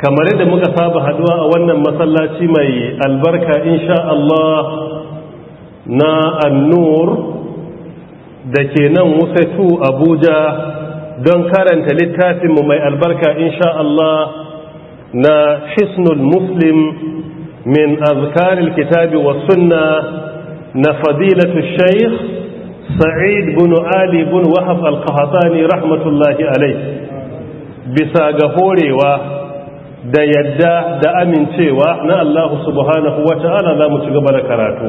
kamar yadda muka saba haduwa a wannan masallaci mai albarka insha Allah na annur da ke nan wusatu abuja don karanta littafinmu mai albarka insha Allah na hisnul muslim min azkaril kitabi wa sunna na fadilatu shaikh sa'id bin ali bin wahab al rahmatullahi alai bisa ga horewa da yadda da amincewa na Allah subhanahu wa ta'ala za mu ci gaba da karatu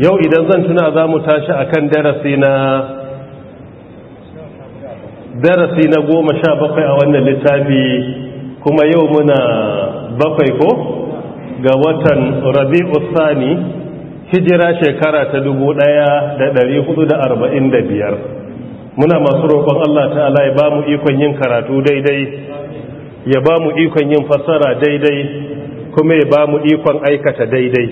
yau idan zan tuna za mu tashi a kan darasi na darasi na goma sha bakwai a wannan littafi kuma yau muna bakwai ko ga watan rabi'u sani hijira shekara ta dubu ɗaya da da hudu arba'in biyar. muna masu roƙon Allah ta'ala ya ba mu ikon yin karatu daidai ya ba mu ikon yin fassara daidai kuma ya ba mu ikon aikata daidai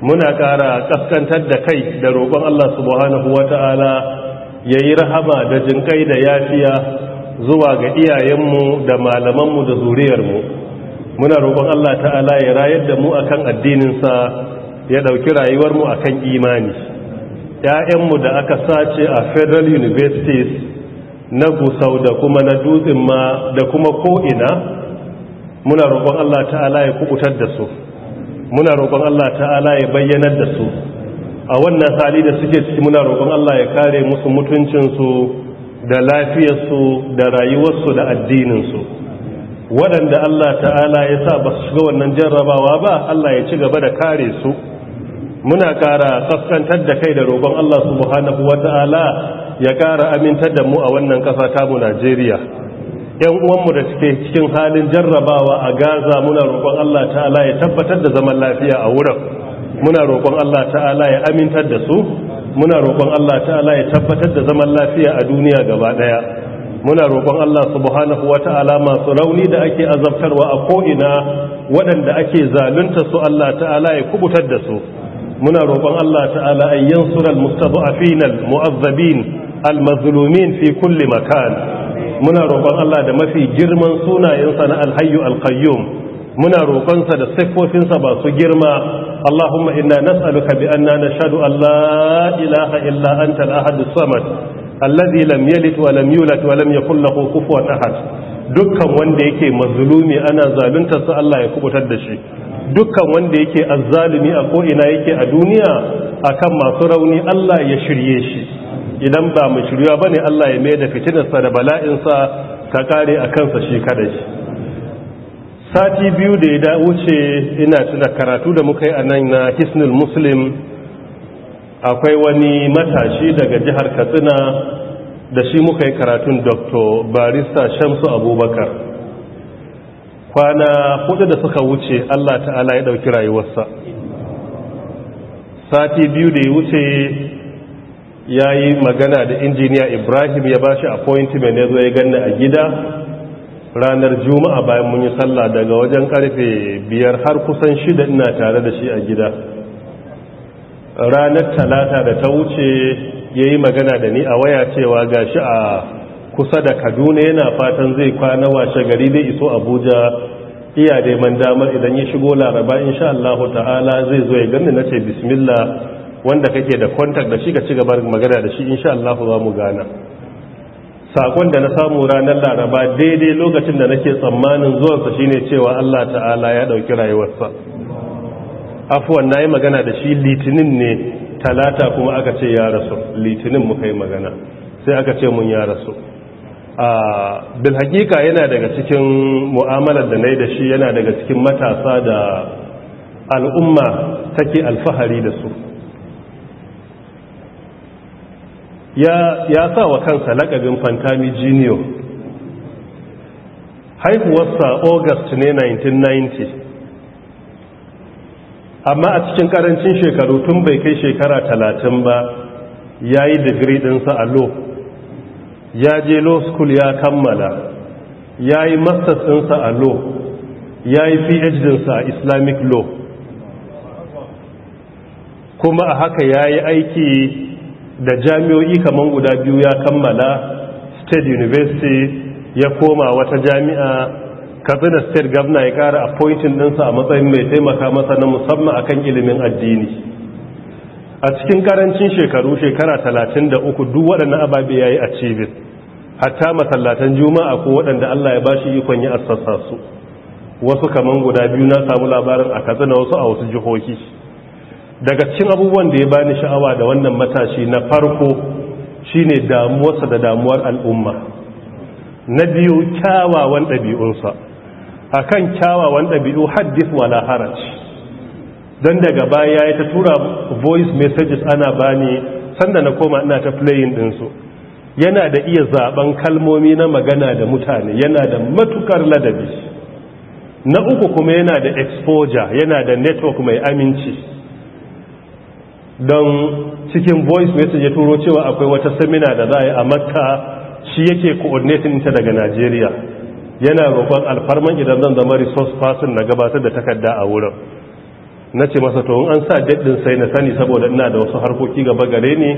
muna ƙara ƙaskantar da kai da roƙon Allah subhanahu wata'ala ya yi rahama da jinƙai da yafiya zuwa ga iyayenmu da malamanmu da zuriyarmu muna roƙon Allah ta'ala ya rayar da mu akan addininsa ya ɗauki rayuwarmu akan imani ‘ya'yanmu da aka sace a federal universities na gusau da kuma na dutsen ma da kuma ko'ina muna roƙon Allah ta'ala ya kubutar da su muna roƙon Allah ta'ala ya bayyanar da su a wannan hali da suke ciki muna roƙon Allah ya kare musu mutuncinsu da lafiyarsu da rayuwarsu da addininsu waɗanda Allah ta'ala ya sa ba su shiga wannan jarrabawa ba Allah ya ci gaba da kare su muna ƙara kaskantar da kai da roƙon Allah subhanahu wa ta'ala ya ƙara amintar da mu a wannan ƙasa tamu Najeriya ‘yan uwanmu da suke cikin halin jarrabawa a Gaza muna roƙon Allah ta'ala ya tabbatar da zaman lafiya a wurin muna roƙon Allah ta'ala ya amintar da su muna roƙon Allah ta'ala ya tabbatar da zaman lafiya a duniya gaba ɗaya muna roƙon Allah subhanahu wa ta'ala masu rauni da ake azabtarwa a ko'ina waɗanda ake zalunta su Allah ta'ala ya kubutar da su muna roƙon Allah ta'ala ayyan sural al mu'azzabin mazlumin fi kulli makan muna roƙon Allah da mafi girman sunayensa na alhayyu alqayyum muna roƙonsa da siffofinsa ba su girma Allahumma inna nas'aluka bi anna nashhadu an la ilaha illa anta al-ahad as-samad alladhi lam yalid wa lam yulad wa lam yakul lahu kufuwan ahad dukkan wanda yake mazlumi ana zalunta sa Allah ya kubutar da shi dukkan wanda yake azzalumi a ko'ina yake a duniya akan masu rauni Allah ya shirye shi idan ba mu shirya ba ne Allah ya mai da fitinarsa da bala'insa ta kare a kansa shi kadai sati biyu da ya wuce ina tuna karatu da muka yi a nan na hisnul muslim akwai wani matashi daga jihar katsina da shi muka yi karatun dr barista shamsu abubakar kwana hudu da suka wuce allah ta'ala ya ɗauki rayuwarsa sati biyu da ya wuce ya yi magana da injiniya ibrahim ya ba shi appointment ya zo ya ganna a gida ranar juma'a bayan mun yi sallah daga wajen karfe biyar har kusan shida ina tare da shi a gida ranar talata da ta wuce ya yi magana da ni a waya cewa ga shi a kusa da kaduna yana fatan zai kwana washe gari dai iso abuja iya dai man damar idan ya shigo laraba insha Allah ta'ala zai zo ya ganni na ce bismillah wanda kake da contact da shi ka ci gaba magana da shi insha Allah za mu gana sakon da na samu ranar laraba daidai lokacin da nake tsammanin zuwansa shine cewa Allah ta'ala ya dauki rayuwarsa afwan nayi magana da shi litinin ne talata kuma aka ce ya rasu litinin muka yi magana sai aka ce mun ya rasu a bil hakika yana daga cikin mu'amalar da nayi da shi yana daga cikin matasa da al'umma take alfahari da su ya sa wa kansa lakabin fantami jiniyo haihuwarsa august ne 1990 amma a cikin karancin shekaru tun bai kai shekara talatin ba ya yi digiri ɗinsa a lo ya je law school ya kammala ya yi masters ɗinsa a lo ya yi ph ɗinsa a islamic law kuma a haka ya yi aiki da jami'o'i kamar guda biyu ya kammala state university ya koma wata jami'a katsina state governor ya kara appointing ɗinsa a matsayin mai taimaka masa na musamman akan ilimin addini a cikin karancin shekaru shekara 33 duk waɗannan ababe ya yi a cibin hatta masallatan juma'a ko waɗanda allah ya bashi ikon ya assasa su wasu kaman guda biyu na samu labarin a katsina wasu a wasu jihohi daga cikin abubuwan da ya bani sha'awa da wannan matashi na farko shine damuwarsa da damuwar al'umma na biyu kyawawan ɗabi'unsa a kan kyawawan ɗabi'u haddif wala haraj don daga baya ya ta tura voice messages ana bani sanda na koma ina ta playing ɗinsu yana da iya zaben kalmomi na magana da mutane yana da matukar ladabi na uku kuma yana da exposure yana da network mai aminci don cikin voice message ya turo cewa akwai wata seminar da za a yi a makka shi yake coordinating ta daga najeriya yana roƙon alfarman idan zan zama resource person na gabatar da takarda a wurin na ce masa to an sa daɗin sai na sani saboda ina da wasu harkoki gaba gare ne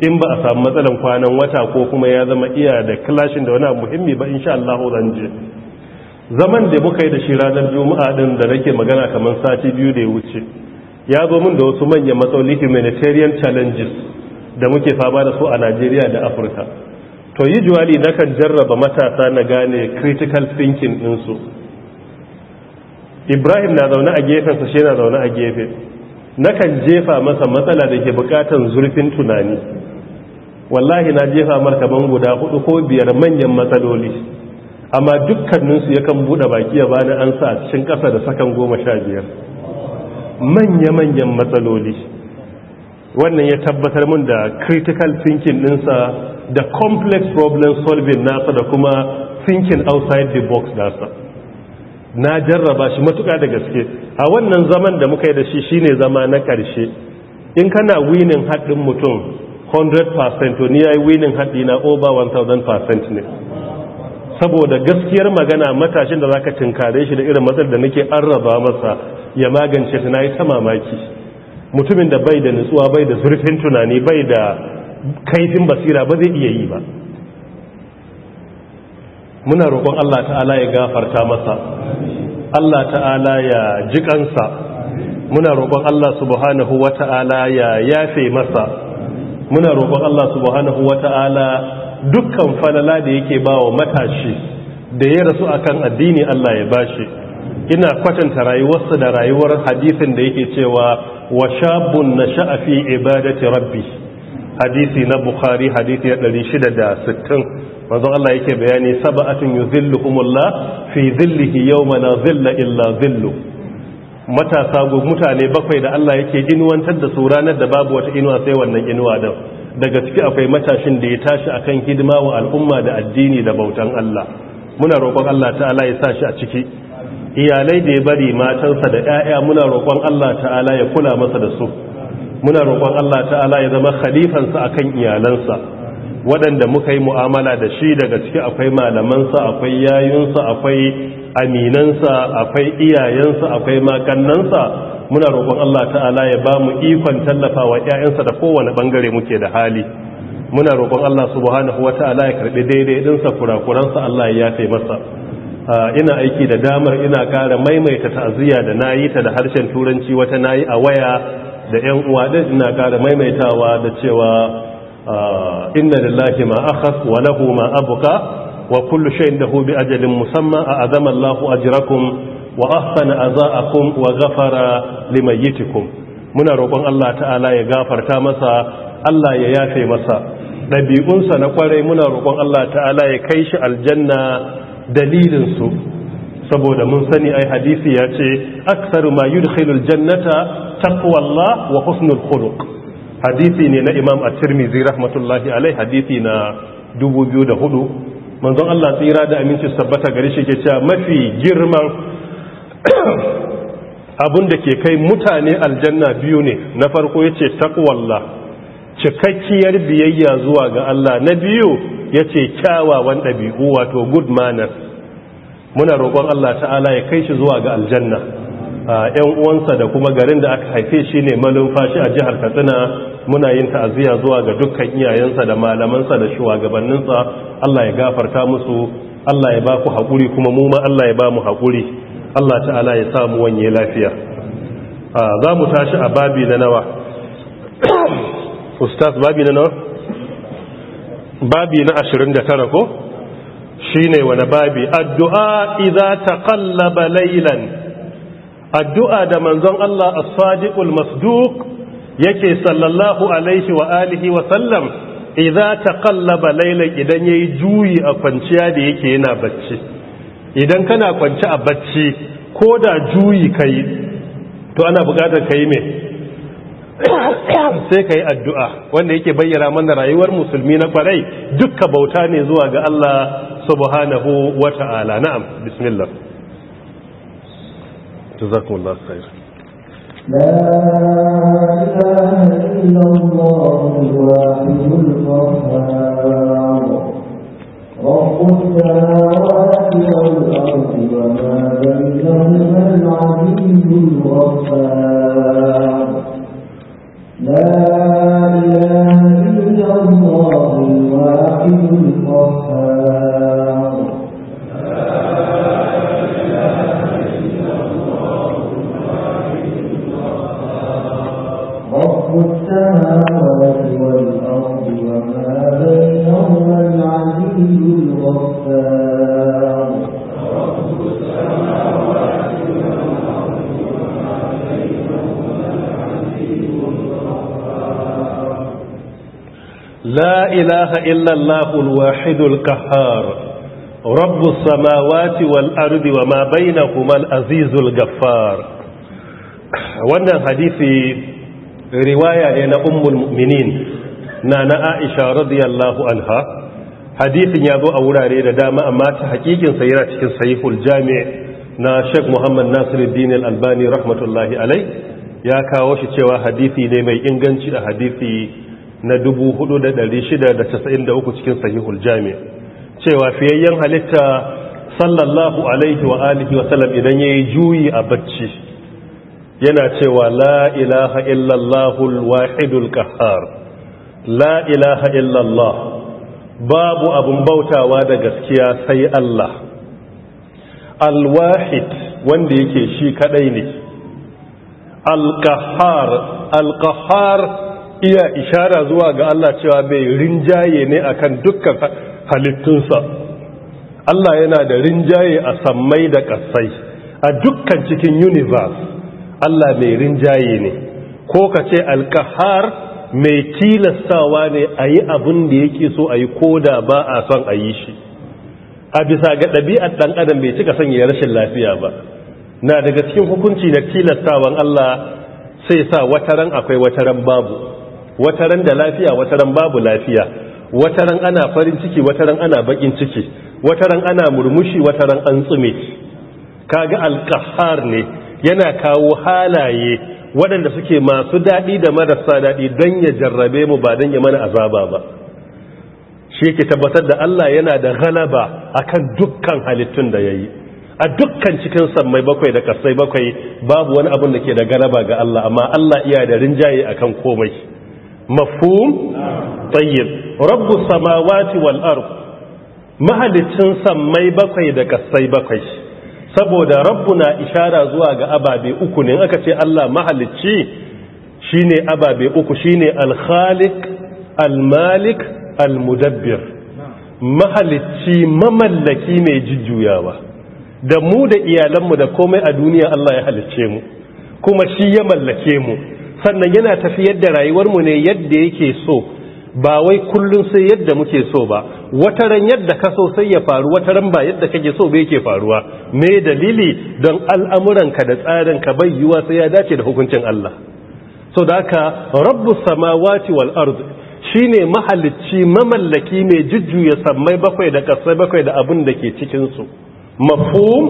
in ba a samu matsalan kwanan wata ko kuma ya zama iya da clashin da wani muhimmi ba insha Allah zan je zaman da muka yi da shi ranar juma'a din da nake magana kamar sati biyu da ya wuce ya zo mun da wasu manyan matsaloli humanitarian challenges da muke fama da su a Najeriya da Afirka to yi juwali na kan jarraba matasa na gane critical thinking ɗinsu Ibrahim na zaune a gefen gefensa shi na zaune a gefe na kan jefa masa matsala da ke bukatan zurfin tunani wallahi na jefa markaban guda hudu ko biyar manyan matsaloli amma dukkaninsu kan buɗe baki ya bani an sa cikin ƙasa da sakan goma sha biyar manya-manyan matsaloli wannan ya tabbatar mun da critical thinking ɗinsa da complex problem solving nasa da kuma thinking outside the box nasa na jarraba shi matuƙa da gaske a wannan zaman da muka yi da shi shine zama na ƙarshe in kana winning haɗin mutum 100% to ni ya yi winning haɗi na over 1000% ne saboda gaskiyar magana matashin da za ka tinkare shi da irin matsar da nake an raba masa ya magance ta na yi ta mamaki mutumin da bai da nutsuwa bai da zurfin tunani bai da kaifin basira ba zai iya yi ba muna roƙon Allah ta'ala ya gafarta masa Allah ta'ala ya jikansa muna roƙon Allah subhanahu wa ta'ala ya yafe masa muna roƙon Allah subhanahu wa ta'ala dukkan falala da yake ba wa matashi da ya rasu akan addini Allah ya bashi ina kwatanta rayuwarsa da rayuwar hadisin da yake cewa wa shabun sha'afi ibadati rabbi hadisi na bukhari hadisi na 660 manzon Allah yake bayani sab'atun yuzilluhumullah fi zillihi yawma la zilla illa zillu matasa mutane bakwai da Allah yake inuwantar da su ranar da babu wata inuwa sai wannan inuwa da, daga ciki akwai matashin da ya tashi akan hidima wa al'umma da addini da bautan Allah muna roƙon Allah ta'ala ya sa shi a ciki iyalai da ya bari matansa da 'ya'ya muna roƙon Allah ta'ala ya kula masa da su muna roƙon Allah ta'ala ya zama khalifansa a kan iyalansa waɗanda muka yi mu'amala da shi daga ciki akwai malamansa akwai yayunsa akwai aminansa akwai iyayensa akwai makannansa muna roƙon Allah ta'ala ya ba mu ikon tallafawa 'ya'yansa da kowane bangare muke da hali muna roƙon Allah subhanahu wa ta'ala ya karɓi daidai ɗinsa kurakuransa Allah ya yafe masa Ah, ina aiki da damar ina ƙara maimaita ta'aziyya da na ta da harshen turanci wata na a waya da 'yan uwa ɗin ina ƙara maimaitawa da cewa ah, inna lillahi ma akhas wa lahu ma abqa wa kullu shay'in lahu bi ajalin musamma a azama Allahu ajrakum wa ahsana azaakum wa ghafara limayyitikum muna roƙon Allah ta'ala ya gafarta masa Allah ya yafe masa ɗabi'unsa na kwarai muna roƙon Allah ta'ala ya kai shi aljanna dalilinsu saboda mun sani ai hadisi ya ce aksaru ma yudkhilul jannata taqwallah wa husnul khuluq hadisi ne na imam at-tirmidhi rahmatullahi alai hadisi na 2004 manzon Allah tsira da aminci sabbata gare shi ke cewa mafi girman abun da ke kai mutane aljanna biyu ne na farko yace taqwallah cikakkiyar biyayya zuwa ga Allah na biyu ya ce kyawawan ɗabi'u wato good manner muna roƙon Allah ta'ala ya kai shi zuwa ga aljanna ‘yan uwansa da kuma garin da aka haife shi ne malumfashi a jihar katsina muna yin ta'aziyya zuwa ga dukkan iyayensa da malamansa da shugabanninsa Allah ya gafarta musu Allah ya ba ku haƙuri kuma mu ma Allah ya ba mu haƙuri Allah ta'ala ya samu wanye lafiya za mu tashi a babi na nawa ustaz babi na babi na 29 ko shine wani babi addu'a idza taqallaba laylan addu'a da manzon Allah as-sadiqul masduq yake sallallahu alaihi wa alihi wa sallam idza taqallaba laylan idan yayi juyi a kwanciya da yake yana bacci idan kana kwanci a bacci ko da juyi kai to ana buƙatar kai mai sai ka yi addu'a wanda yake bayyana mana rayuwar musulmi na kwarai dukka bauta ne zuwa ga Allah subhanahu wa ta'ala na'am bismillah jazakumullah khair لا إله إلا الله الواحد القهار رب السماوات والأرض وما بينهما العزيز الغفار لا إله إلا الله الواحد القهار رب السماوات والأرض وما بينهما العزيز الغفار لا إله إلا الله الواحد القهار رب السماوات والأرض وما بينهما azizul gafar. wannan hadisi riwaya ne na ummul na na Aisha radiyallahu anha hadisin ya zo a wurare da dama amma ta hakikin sa yana cikin sahihul jami' na Sheikh Muhammad Nasiruddin Al-Albani rahmatullahi alai ya kawo shi cewa hadisi ne mai inganci a hadisi na 4693 cikin sahihul jami cewa fiyayyen halitta sallallahu alaihi wa alihi wa salam idan yayi juyi a bacci yana cewa la ilaha illallahul wahidul kahar la ilaha illallah babu abun bautawa da gaskiya sai Allah Alwahid wanda yake shi kadai ne al-qahhar iya ishara zuwa ga Allah cewa bai rinjaye ne akan dukkan halittunsa Allah yana da rinjaye a sammai da kasai a dukkan cikin universe Allah mai rinjaye ne ko ka ce alkahar mai tilastawa ne a yi abin da yake so a yi da ba a son a yi shi a bisa ga ɗabi'ar ɗan adam bai cika sanya rashin lafiya ba na daga cikin hukunci na tilastawan Allah sai sa wataran akwai wataran babu wata ran da lafiya wata ran babu lafiya wata ran ana farin ciki wata ran ana bakin ciki wata ran ana murmushi wata ran an tsume kaga alqahar ne yana kawo halaye waɗanda suke masu daɗi da marasa daɗi don ya jarrabe mu ba don ya mana azaba ba shi ke tabbatar da Allah yana da galaba akan dukkan halittun da yayi a dukkan cikin sammai bakwai da kasai bakwai babu wani abin da ke da galaba ga Allah amma Allah iya da rinjaye akan komai mafhum tayyib Rabbu samawati wal ard mahalicin sammai bakwai da kasai bakwai saboda na ishara zuwa ga ababe uku ne aka ce Allah mahalicci shine ababe uku shine ne khaliq al almudabbir. mudabbir mahalicci mamallaki mai jujjuyawa da mu da iyalanmu da komai a duniya Allah ya halicce mu kuma shi ya mallake mu sannan yana tafiyar da rayuwarmu ne yadda yake so ba wai kullum sai yadda muke so ba wataran yadda ka so sai ya faru wataran ba yadda kake so ba yake faruwa me dalili don al'amuran ka da tsarinka bai yiwa sai ya dace da hukuncin Allah so da haka rabbus samawati wal ard shine mahalicci mamallaki mai jujjuya sammai bakwai da kasai bakwai da abin da ke cikin su mafhum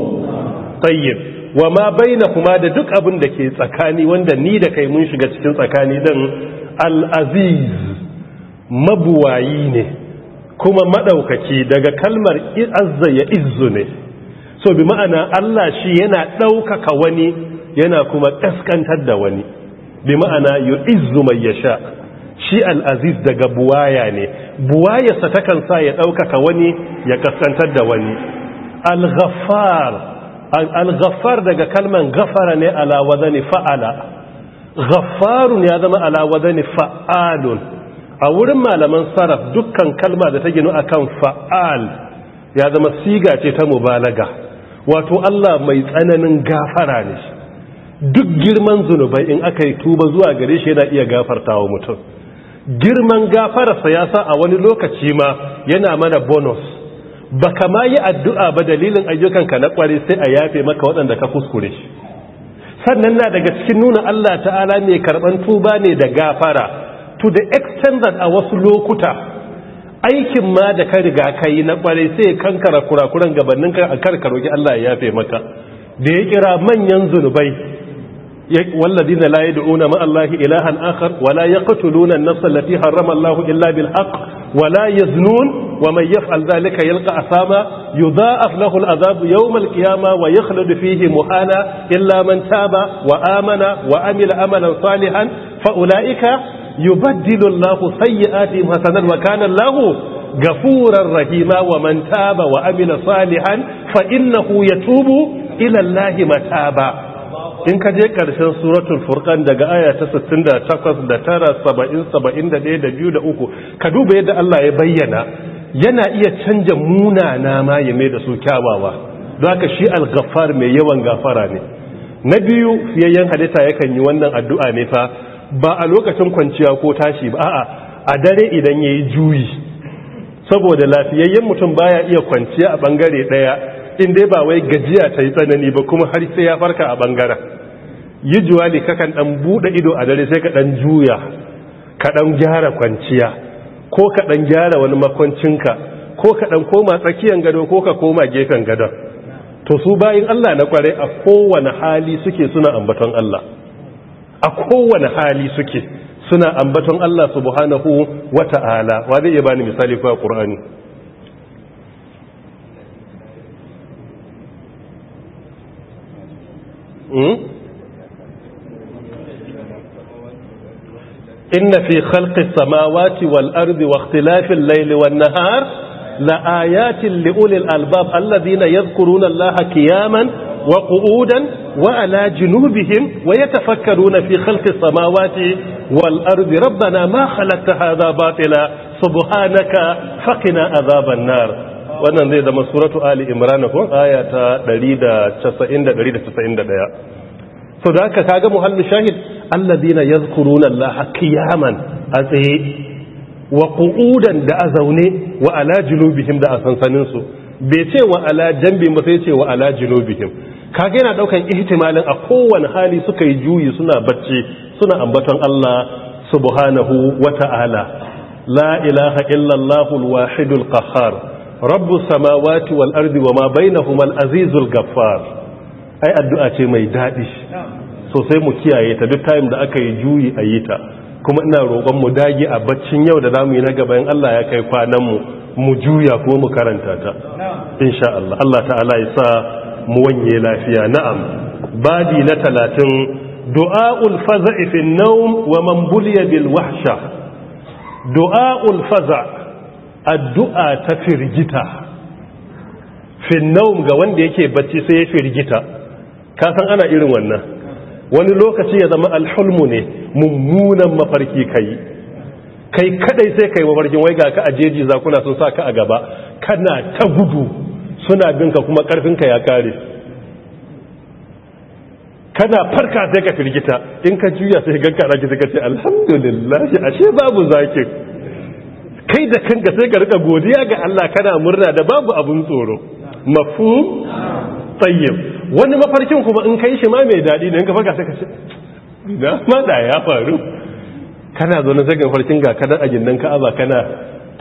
tayyib wa ma kuma da duk abin da ke tsakani wanda ni da kai mun shiga cikin tsakani din al mabuwayi ne kuma madaukaki daga kalmar azza ya izzu ne so bi ma'ana Allah shi yana ɗaukaka wani yana kuma ƙaskantar da wani bi ma'ana mai man yasha shi al'aziz daga buwaya ne buwayarsa takan sa ya ɗaukaka wani ya kaskantar da wani al-ghaffar al-ghaffar daga kalman ghafara ne ala wadani fa'ala ghaffarun ya zama ala wadani fa'alun a wurin malaman sarraf dukkan kalma da ta ginu akan fa'al ya zama siga ce ta mubalaga wato Allah mai tsananin gafara ne duk girman zunubai in aka yi tuba zuwa gare shi yana iya gafarta wa mutum girman gafararsa ya sa a wani lokaci ma yana mana bonus ba kama yi addu'a ba dalilin ayyukanka na ƙware sai a yafe maka waɗanda ka kuskure sannan na daga cikin nuna Allah ta'ala mai karɓar tuba ne da gafara to the extent that a wasu lokuta aikin ma da ka riga ka yi na ƙware sai kankara kurakuran ka a karkaroki Allah ya yafe maka da ya kira manyan zunubai والذين لا يدعون مع الله إلها آخر ولا يقتلون النفس التي حرم الله إلا بالحق ولا يزنون ومن يفعل ذلك يلقى أثاما يضاعف له العذاب يوم القيامة ويخلد فيه مهانا إلا من تاب وآمن وعمل أملا صالحا فأولئك يبدل الله سيئاتهم حسنا وكان الله غفورا رحيما ومن تاب وعمل صالحا فإنه يتوب إلى الله متابا in ka je ƙarshen suratul furqan daga aya ta 68 da tara da 2 3 ka duba yadda Allah ya bayyana yana iya canja munana ma ya mai da su kyawawa don haka shi al-ghaffar mai yawan gafara ne na biyu fiyayyen halitta yakan yi wannan addu'a ne fa ba a lokacin kwanciya ko tashi ba a'a a dare idan yayi juyi saboda lafiyayyen mutum baya iya kwanciya a bangare daya in dai ba wai gajiya ta yi tsanani ba kuma har sai ya farka a bangaren yi juwali kakan dan bude ido a dare sai ka ɗan juya ka dan gyara kwanciya ko ka dan gyara wani makwancinka ko ka dan koma tsakiyan gado ko ka koma gefen gado. to su bayin Allah na kware a kowane hali suke suna ambaton Allah a kowane hali suke suna ambaton Allah subhanahu wata'ala wa zai iya bani misali fa Qur'ani Mm? inna fi khalqi samawati wal ardi wa ikhtilafil layli wan nahar la ayatin li ulil albab alladhina yadhkuruna allaha qiyaman wa qu'udan wa ala junubihim wa yatafakkaruna fi khalqi samawati wal ardi rabbana ma khalaqta hadha batila subhanaka faqina adhaban nar wannan zai zama suratu ali imran ko aya ta 190 191 so da haka kaga muhallin shahid alladina yadhkuruna allaha kiyaman a tsaye wa qu'udan da a zaune wa ala bihim da a sansanin su bai ce wa ala jambi ba sai ce wa ala bihim. kage na ɗaukan ihtimalin a kowane hali suka yi juyi suna bacci suna ambaton Allah subhanahu wa ta'ala la ilaha illallahul wahidul qahhar rabbus samawati wal ardi wama bainahuma al azizul gafar. ai addu'a ce mai dadi so sai mu kiyaye ta duk time da aka yi juyi a yi ta kuma ina roƙon mu dage a baccin yau da zamu yi na gaba in Allah ya kai kwanan mu mu juya kuma mu karanta ta insha Allah Allah ta'ala ya sa mu wanye lafiya na'am badi na 30 du'aul faza'i fi an-nawm wa man buliya bil wahsha du'aul faza' addu'a ta firgita fi an-nawm ga wanda yake bacci sai ya firgita ka san ana irin wannan wani lokaci ya zama alhulmu ne mummunan mafarki kai kai kadai sai kai mafarkin wai ga ka a jeji zakuna sun sa ka a gaba kana ta gudu suna binka kuma karfinka ya kare kana farka sai ka firgita in ka juya sai ganka raki sai ka ce alhamdulillah ashe babu zakin kai da kanka sai ka rika godiya ga Allah kana murna da babu abun tsoro mafhum tayyib wani mafarkin kuma in kai shi ma mai daɗi da in ka farka sai ka ce da ma da ya faru kana zo na zagin farkin ga kanar a gindin ka'aba kana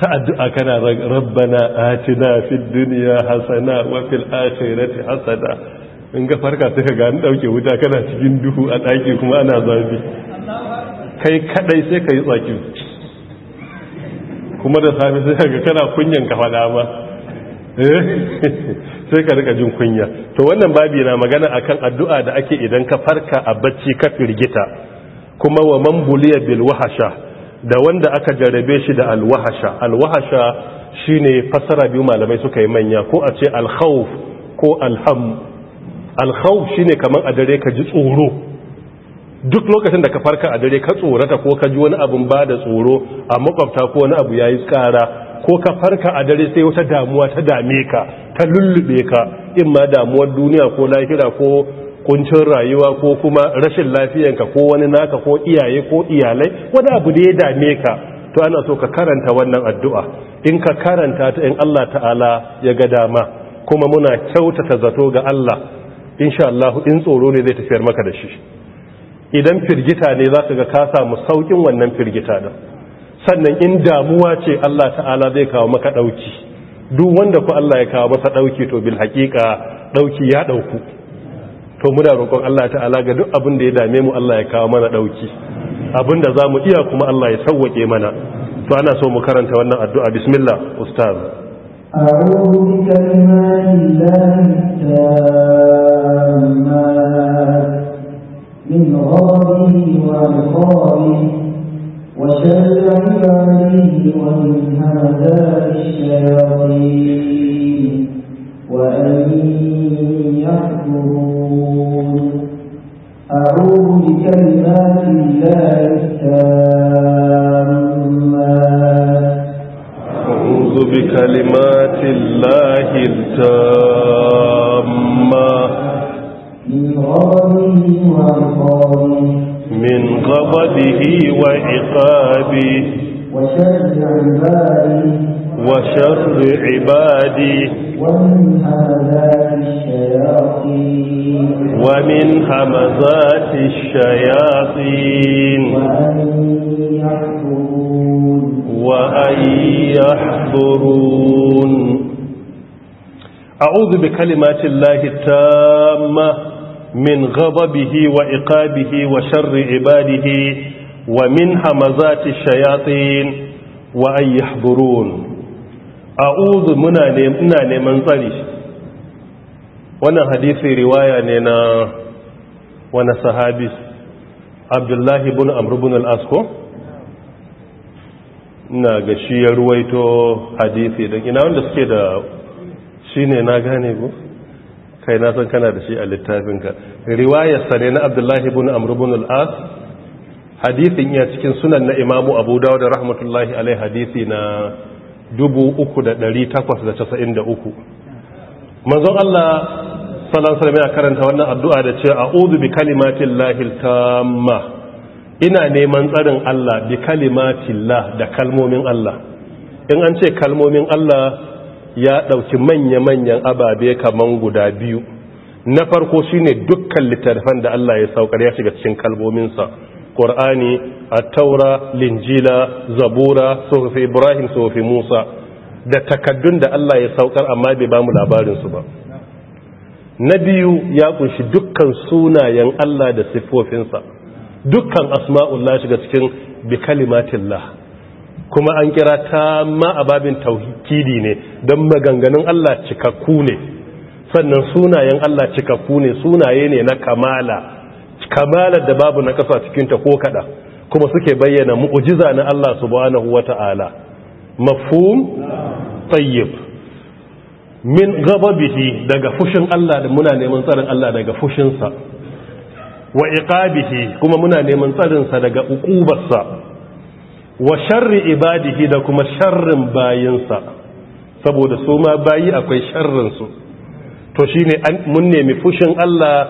ta addu'a kana rabbana atina fi Hassana, hasana wa fil akhirati hasana in ka farka sai ka ga an dauke wuta kana cikin duhu a ɗaki kuma ana zabi kai kaɗai sai ka yi tsaki kuma da safe sai ka ga kana kunyan ka fada ma Eh? sai ka rika jin kunya to wannan babi na magana akan addu'a da ake idan ka farka a bacci ka firgita kuma wa man buliya bil wahasha da wanda aka jarabe shi da al wahasha al wahasha shine fasara biyu malamai suka yi manya ko a ce al khawf ko al ham al khawf shine kaman a dare ka ji tsoro duk lokacin da ka farka a dare ka tsorata ko ka ji wani abun ba da tsoro a makwabta ko wani abu yayi tsara ko ka farka a dare sai wata damuwa ta dame ka ta lullube ka in ma damuwar duniya ko lahira ko kuncin rayuwa ko kuma rashin lafiyanka ko wani naka ko iyaye ko iyalai wani abu da ya dame ka to ana so ka karanta wannan addu'a in ka karanta ta in Allah ta'ala ya ga dama kuma muna kyautata zato ga Allah insha Allah in tsoro ne zai tafiyar maka da shi idan firgita ne za ka ga ka samu saukin wannan firgita din sannan in damuwa ce Allah ta'ala zai kawo maka ɗauki duk wanda ku Allah ya kawo masa ɗauki to bil haƙiƙa ɗauki ya ɗauku to muna roƙon Allah ta'ala ga duk abin da ya dame mu Allah ya kawo mana ɗauki abin da za mu iya kuma Allah ya sauwaƙe mana to ana so mu karanta wannan addu'a bismillah ustaz من وشر عليه ومن هذا الشياطين وأن يحضرون أعوذ بكلمات الله التامات أعوذ بكلمات الله التامة من غضبه وعقابه من غضبه وعقابي وشر عبادي وشر عبادي ومن همزات الشياطين ومن همزات الشياطين وأن يحضرون أعوذ بكلمات الله التامة من غضبه وإقابه وشر عباده ومن همزات الشياطين وأن يحضرون أعوذ منا لمن طريش وانا حديث رواية لنا وانا صحابي عبد الله بن أمر بن الأسكو na ga shi ya ruwaito hadisi da ina wanda suke da shi ne na gane ku kai na san kana da shi a littafinka riwayar sa ne na abdullahi ibn amr ibn al-as hadisin ya cikin sunan na imamu abu dawud rahmatullahi alaihi hadisi na 3893 manzon Allah sallallahu alaihi karanta wannan addu'a da cewa a'udhu bi kalimatin lahil tamma ina neman tsarin Allah bi kalimatin da kalmomin Allah in an ce kalmomin Allah ya ɗauki manya-manyan ababe kamar guda biyu na farko shine dukkan littattafan da Allah ya saukar ya shiga cikin kalbominsa ƙor'ani attaura linjila zabura sofi ibrahim sofi musa da takaddun da Allah ya saukar amma bai ba mu labarinsu ba na biyu ya kunshi dukkan sunayen Allah da siffofinsa dukkan asma'ullah shiga cikin bi kalimatillah kuma an kira ta ma a babin tauhidi ne don maganganun Allah cikakku ne sannan sunayen Allah cikakku ne sunaye ne na kamala kamalar da babu na ƙasa cikinta ko kaɗa kuma suke bayyana mu'ujiza na Allah subhanahu wa ta'ala mafhum tayyib min bihi daga fushin Allah da muna neman tsarin Allah daga fushinsa wa iqabihi kuma muna neman tsarinsa daga uqubarsa wa sharri ibadihi da kuma sharrin bayinsa saboda su ma bayi akwai sharrinsu to shi ne mun nemi fushin Allah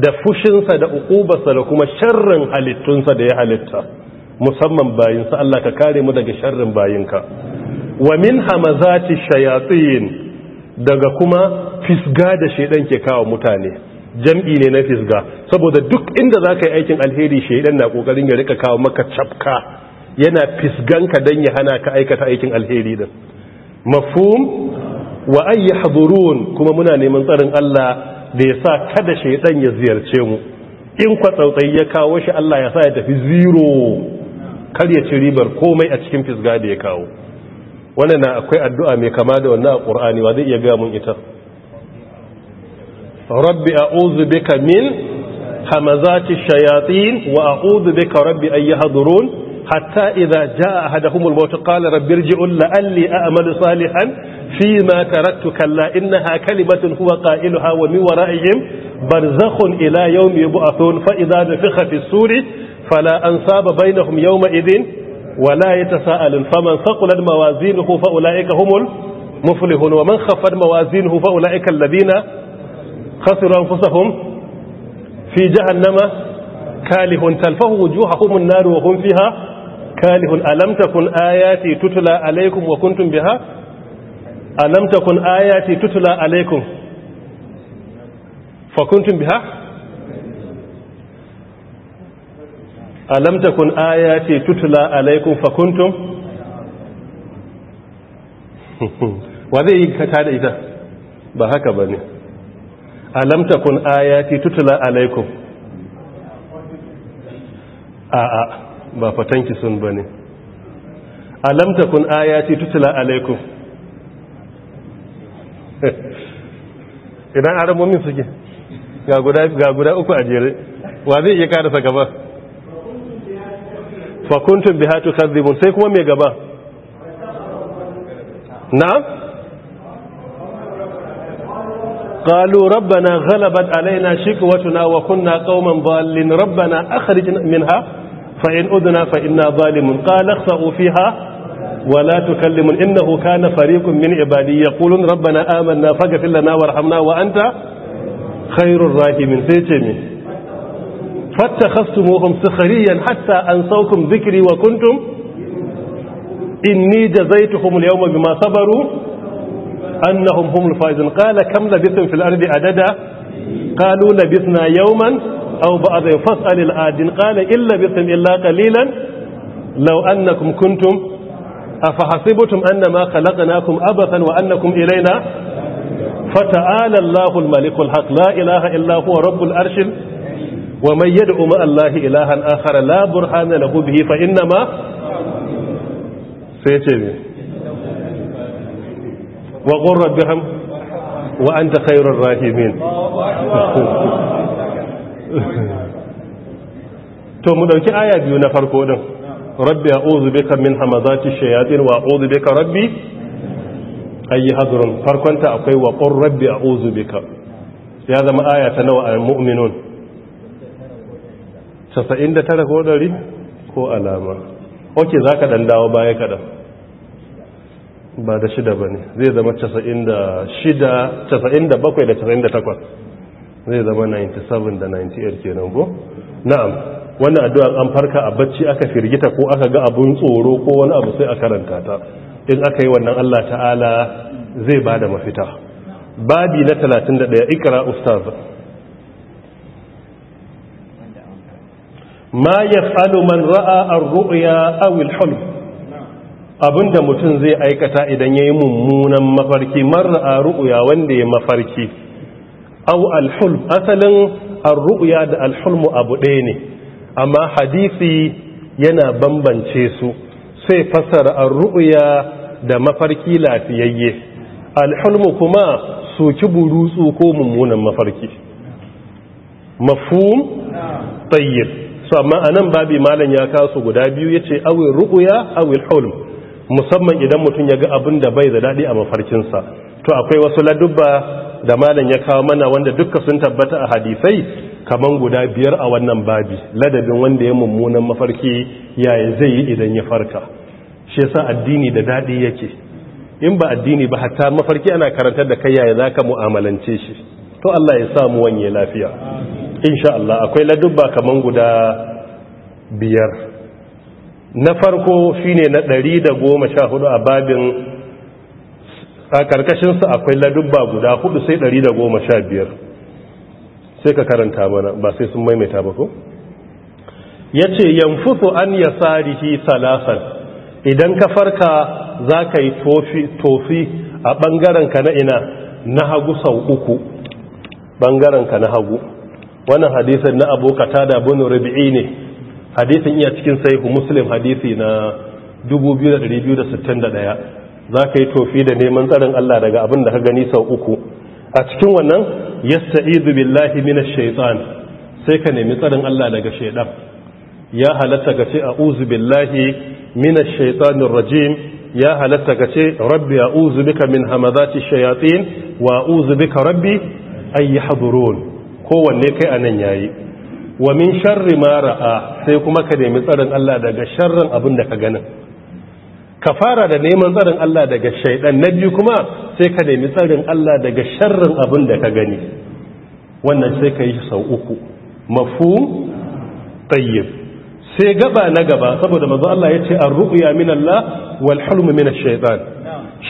da fushinsa da uƙubarsa da kuma sharrin halittunsa da ya halitta musamman bayinsa Allah ka kare mu daga sharrin bayinka wa min hamazati shayatin daga kuma fisga da shedan ke kawo mutane jam'i ne na fisga saboda duk inda za ka yi aikin alheri shedan na ƙoƙarin ya rika kawo maka cafka yana fisganka dan ya hana ka aikata aikin alheri da. mafhum wa ayi yahdurun kuma muna neman tsarin Allah da ya sa kada shaytan ya ziyarce mu in kwatsautsai ya kawo shi Allah ya sa ya tafi zero kar ya ci ribar komai a cikin fisga da ya kawo wannan na akwai addu'a mai kama da wannan a Qur'ani wa zai iya ga mun ita rabbi a'udhu bika min hamazati shayatin wa a'udhu bika rabbi an حتى إذا جاء أحدهم الموت قال رب ارجعوا لعلي أعمل صالحا فيما تركت كلا إنها كلمة هو قائلها ومن ورائهم برزخ إلى يوم يبعثون فإذا نفخ في السور فلا أنصاب بينهم يومئذ ولا يتساءلون فمن ثقلت موازينه فأولئك هم المفلحون ومن خفت موازينه فأولئك الذين خسروا أنفسهم في جهنم كالهون تلفه وجوههم النار وهم فيها kalihun alam takun ayati tutula alaikum wa kuntum biha alam takun ayati tutula alaikum fa kuntum biha alam takun ayati tutula alaikum fa kuntum wa zai yi kata da ita ba haka ba ne alam takun ayati tutula alaikum a'a ba fatanki sun ba ne alamta kun ayati tutula alaikum idan aramomin suke ga guda uku a jere wa zai iya karasa gaba fakuntun biha tukazibun sai kuma mai gaba na قالوا ربنا غلبت علينا شكوتنا وكنا قوما ضالين ربنا أخرجنا منها فإن أذنا فإنا ظالم قال اخفأوا فيها ولا تكلم إنه كان فريق من عبادي يقولون ربنا آمنا فاغفر لنا وارحمنا وأنت خير الراحمين سيتمي فاتخذتموهم سخريا حتى أنسوكم ذكري وكنتم إني جزيتهم اليوم بما صبروا أنهم هم الفائزون قال كم لبثتم في الأرض عددا قالوا لبثنا يوما أو بعض فاسأل العادين قال إن لبثتم إلا قليلا لو أنكم كنتم أفحسبتم أنما خلقناكم أبثا وأنكم إلينا فتعالى الله الملك الحق لا إله إلا هو رب الأرش ومن يدعو مع الله إلها آخر لا برهان له به فإنما سيتمي وقل ربهم وأنت خير الراهبين to mu dauki aya biyu na farko din rabbi a'udhu bika min hamazati shayatin wa a'udhu bika rabbi ayi hazrun ta akwai wa qur rabbi a'udhu bika ya zama aya ta nawa al-mu'minun 99 ko 100 ko alama okay zaka dan dawo baya kada ba da shida bane zai zama 96 97 da 98 zai zama 97 da 98 kenan ko na'am wannan addu'a an farka a bacci aka firgita ko aka ga abun tsoro ko wani abu sai a karanta ta in aka yi wannan Allah ta'ala zai bada mafita babi na 31 ikra ustaz ma yaf'alu man ra'a ar-ru'ya aw al-hulm abinda mutum zai aikata idan yayi mummunan mafarki man ra'a ru'ya wanda ya mafarki aw hulm asalin ar-ru'ya da al al-hulm abu ɗaya ne amma hadisi yana bambance su sai fasara ar-ru'ya da mafarki lafiyayye alhulmu kuma soki burutsu ko mummunan mafarki mafhum tayyib so amma anan babi malam ya kaso guda biyu yace al ru'ya al hulm musamman idan mutum ya ga abin da bai da dadi a mafarkinsa to akwai wasu ladubba da malam ya kawo mana wanda dukka sun tabbata a hadisai kaman guda biyar a wannan babi ladabin wanda ya mummunan mafarki yayin zai yi idan ya farka shi yasa addini da dadi yake in ba addini ba hatta mafarki ana karantar da kai yayin zaka mu'amalance shi to Allah ya sa mu wanye lafiya insha Allah akwai ladubba kaman guda biyar na farko shine na 114 a babin a ƙarƙashinsu akwai ladubba guda hudu sai ɗari da sai ka karanta mana ba sai sun maimaita ba ko ya ce yamfusu an ya sarihi salasan idan ka farka za ka yi tofi a ɓangarenka na ina na hagu sau uku ɓangarenka na hagu wannan hadisin na abokata da bunu rabi'i ne hadisin iya cikin saihu muslim hadisi na 2261 za ka yi tofi da neman tsarin Allah daga abin da ka gani sau uku a cikin wannan sa'idu billahi mina shaitan sai ka nemi tsarin Allah daga shaidan ya halatta ka ce a uzu billahi mina shaitanin rajim ya halatta ka ce rabbi a uzu bika min hamazati shayatsin. wa uzu bika rabbi yi haduron. kowanne kai a anan yayi wa min sharri ma ra'a sai kuma ka nemi tsarin Allah daga sharrin abin da ka ganin ka fara da neman tsarin Allah daga shaidan na biyu kuma sai ka nemi tsarin Allah daga sharrin abin da ka gani wannan sai ka yi sau uku mafu tayyib sai gaba na gaba saboda manzo Allah ya ce ar-ru'ya min Allah wal hulm min ash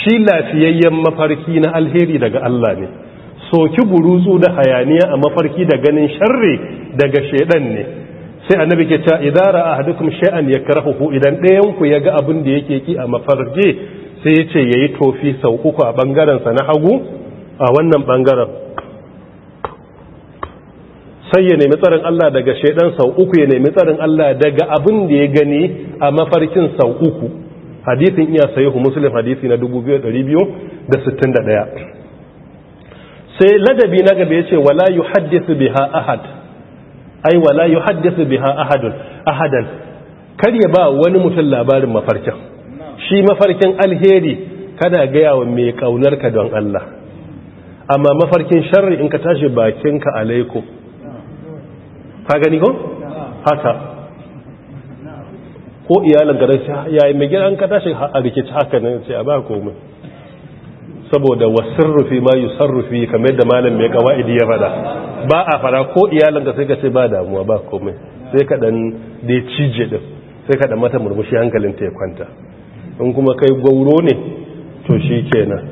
shi lafiyayyen mafarki na alheri daga Allah ne soki burutsu da hayaniya a mafarki da ganin sharri daga shaidan ne sai annabi ke cewa idara ahadukum shay'an yakrahuhu idan ɗayan ku yaga abin da yake ki a mafarje sai yace yayi tofi sau uku a bangaren sa na hagu a wannan bangaren sai ya nemi tsarin Allah daga shaydan sau uku ya nemi tsarin Allah daga abin da ya gani a mafarkin sau uku hadisin iya sahihu muslim hadisi na 2261 sai ladabi na gaba yace wala yuhaddithu biha ahad ai wala yuhaddathu biha ahadun ahadan kar ya ba wani mutum labarin mafarkin shi mafarkin alheri kana gaya wa kaunar kaunarka don Allah amma mafarkin sharri in ka tashi bakinka alaikum ka gani ko haka ko iyalan garin ya yayi mai gidan ka tashi a rikici haka ne sai a ba komai saboda wasirru fi ma yusarru fi kamar yadda malam mai kawaidi ya fada ba a fara ko iyalanka sai ka ce ba damuwa ba komai sai ka dan dai cije din sai ka dan mata murmushi hankalin ta ya kwanta in kuma kai gauro ne to shikenan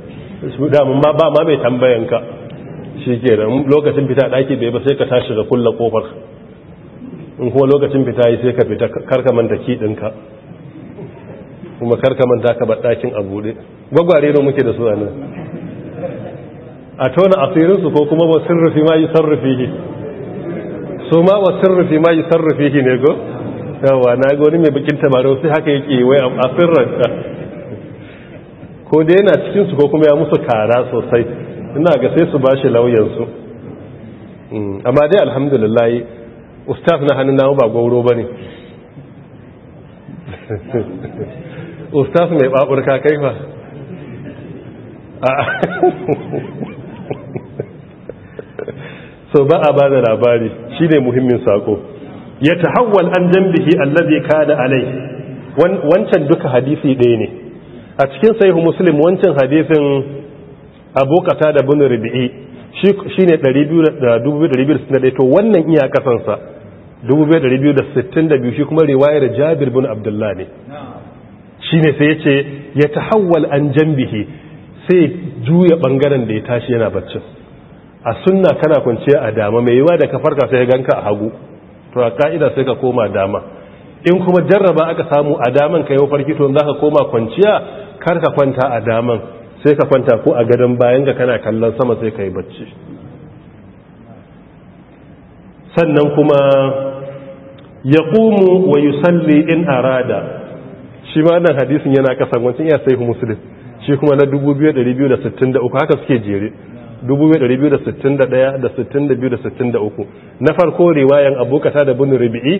damun ma ba ma mai tambayan ka shi kenan lokacin fita daki bai ba sai ka tashi da kulla kofar in kuma lokacin fita yi sai ka fita karka manta ki dinka kuma karka manta ka bar ɗakin a buɗe gwagware ne muke da su a nan a tona asirinsu ko kuma wa sirrufi ma yi sarrufi su ma wa sirrufi ma yi sarrufi ne go yawa na go ne mai bikin tabarau sai haka yake wai a sirranta ko dai yana cikinsu ko kuma ya musu kara sosai ina ga sai su ba shi lauyansu mm, amma dai alhamdulillah ustaz na hannun namu ba gwauro ba ne ustaz mai baburka kai fa so ba a bada labari shi ne muhimmin sako ya ta an jambihi allazi kada alai wancan duka hadisi ɗaya ne a cikin sahihu muslim wancan hadisin abokata da bin rubi'i shi ne 2,261 to wannan iya kasansa 2,262 shi kuma riwayar jabir bin abdullah ne shine sai yace ya tahawwal an bihi sai juya bangaren da ya tashi yana baccin a sunna kana kwanciya a dama mai yiwa da ka farka sai ganka a hagu to a ka'ida sai ka koma dama in kuma jarraba aka samu a daman ka yau farki to zaka koma kwanciya kar ka kwanta a daman sai ka kwanta ko a gadon bayan ka kana kallon sama sai ka yi bacci sannan kuma ya wa yusalli in arada shi ma nan hadisin yana kasa wancan ya sai muslim shi kuma na 2263 haka suke jere 2261 da 62 da 63 na farko riwayan Abu da bin Rabi'i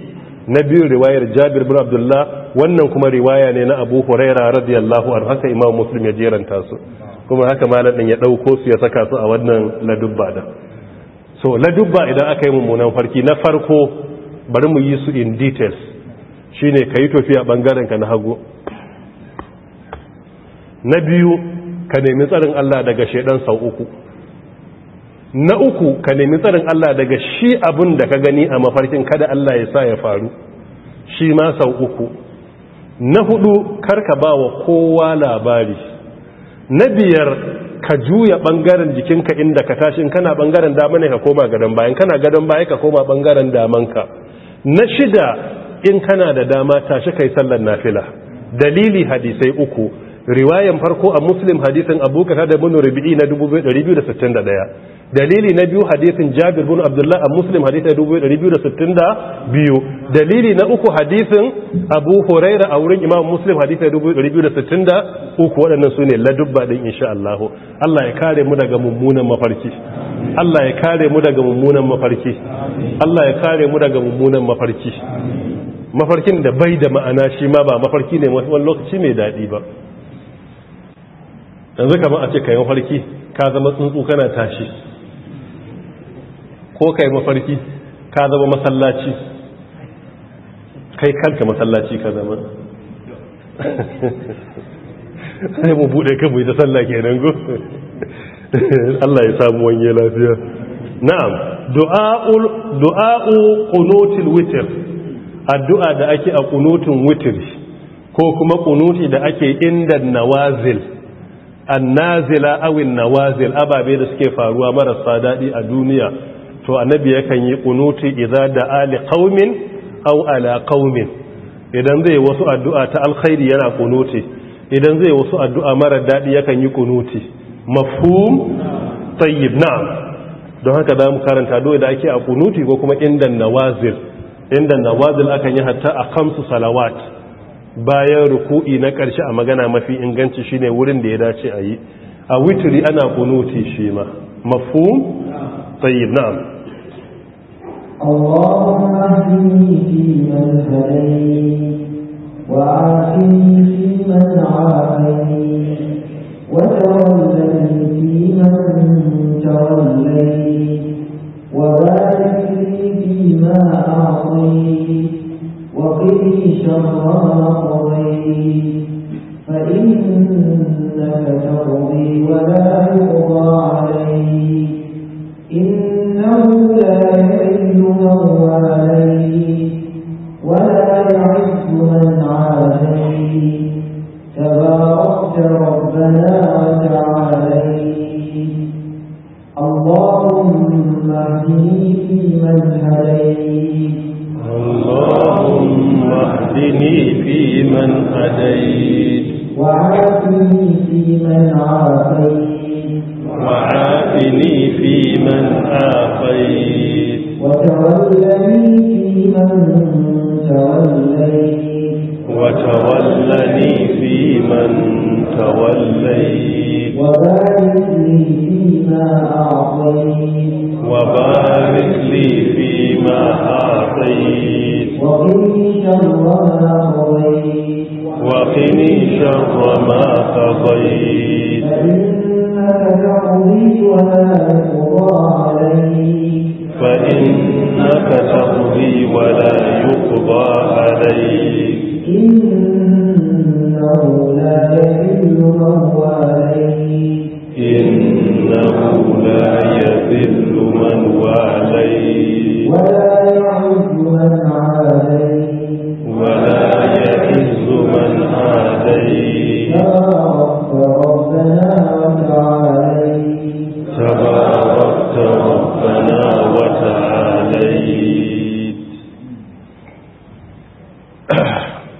na biyu riwayar Jabir bin Abdullah wannan kuma riwaya ne na Abu Huraira radiyallahu anhu haka Imam Muslim ya jeranta su kuma haka malam din ya dauko su ya saka su a wannan ladubba da so ladubba idan aka yi mummunan farki na farko bari mu yi su in details Shi ne ka yi tofi a ɓangarenka na hagu na biyu ka nemi tsarin Allah daga shaidan sau uku na uku ka nemi tsarin Allah daga shi abin da ka gani a mafarkin kada Allah ya sa ya faru shi ma sau uku na hudu karka ba wa kowa labari na biyar ka juya ɓangaren jikinka inda ka tashi kana ɓangaren dama ne ka koma gadon bayan kana gadon baya ka koma ɓangaren damanka na shida in kana da dama tashi kai sallar nafila dalili hadisai uku riwayan farko a muslim hadisin abu kata da bin rubi'i na 2261 dalili na biyu hadisin jabir bin abdullah a muslim hadisin 2262 dalili na uku hadisin abu huraira a wurin imam muslim hadisin 2263 waɗannan su ne ladubba ɗin insha Allah Allah ya kare mu daga mummunan mafarki Allah ya kare mu daga mummunan mafarki Allah ya kare mu daga mummunan mafarki mafarkin da bai da ma'ana shi ma ba mafarki ne wani lokaci mai daɗi ba yanzu kama a ce yi mafarki ka zama tsuntsu kana tashi ko kai mafarki ka zama masallaci kai kanka masallaci ka zama sai mu bude kanmu ita sallah nan go Allah ya samu wanye lafiya na'am du'a'u qunutil witr addu'a da ake a ƙunutun witir ko kuma ƙunuti da ake inda nawazil annazila awin nawazil ababe da suke faruwa marasa daɗi a duniya to annabi yakan yi ƙunuti iza da ali ƙaumin au ala ƙaumin idan zai wasu addu'a ta alkhairi yana kunuti idan zai wasu addu'a mara daɗi yakan yi kunuti mafhum tayyib na'am don haka za mu karanta doye da ake a ƙunuti ko kuma inda nawazil inda nawazil akan yi hatta a kamsu salawat bayan ruku'i na ƙarshe a magana mafi inganci shine wurin da ya dace a yi a witiri ana kunuti shi ma mafu tsayi na'am اللهم اهدني فيمن هديت الله قضيت فإنك تقضي إنه لا يذل من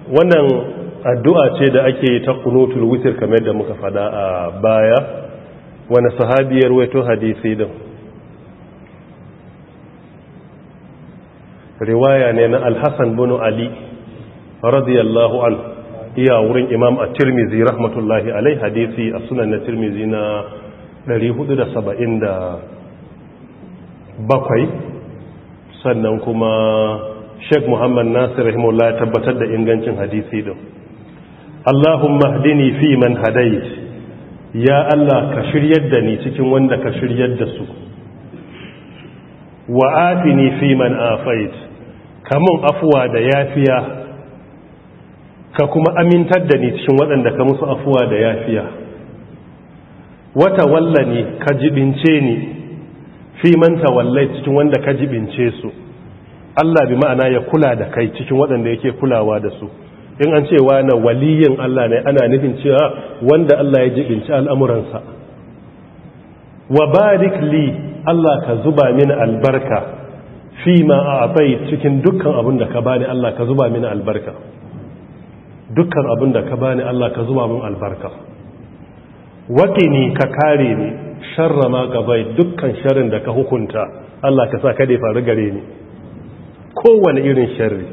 wannan addu'a ce da ake ta kunotul witir kamar da muka fada a baya wani sahabiyar wato hadisi don riwaya ne na alhassan bunu ali radiyallahu an iya wurin imam a tirmizi rahmatullahi alai hadisi a sunan na tirmizi na 477 sannan kuma Sheikh muhammad nasir rahimahullah ya tabbatar da ingancin hadisi din allahumma hdini fi man hadait ya allah ka shiryar da ni cikin wanda ka shiryar da su wa afini fi man afait kamun afuwa da yafiya ka kuma amintar da ni cikin waɗanda ka musu afuwa da yafiya wata wallani ka jibince ni fi man tawallai cikin wanda ka jibince su Allah bi ma'ana ya kula da kai cikin waɗanda yake kulawa da su in an ce na waliyin Allah ne ana nufin cewa wanda Allah ya jibinci al'amuransa wa barik li Allah ka zuba mini albarka fi ma a abai cikin dukkan abin da ka bani Allah ka zuba mini albarka dukkan abin da ka bani Allah ka zuba min albarka ni ka kare ni sharrama ma gabai dukkan sharin da ka hukunta Allah ka sa ka dai faru gare ni kowane irin sharri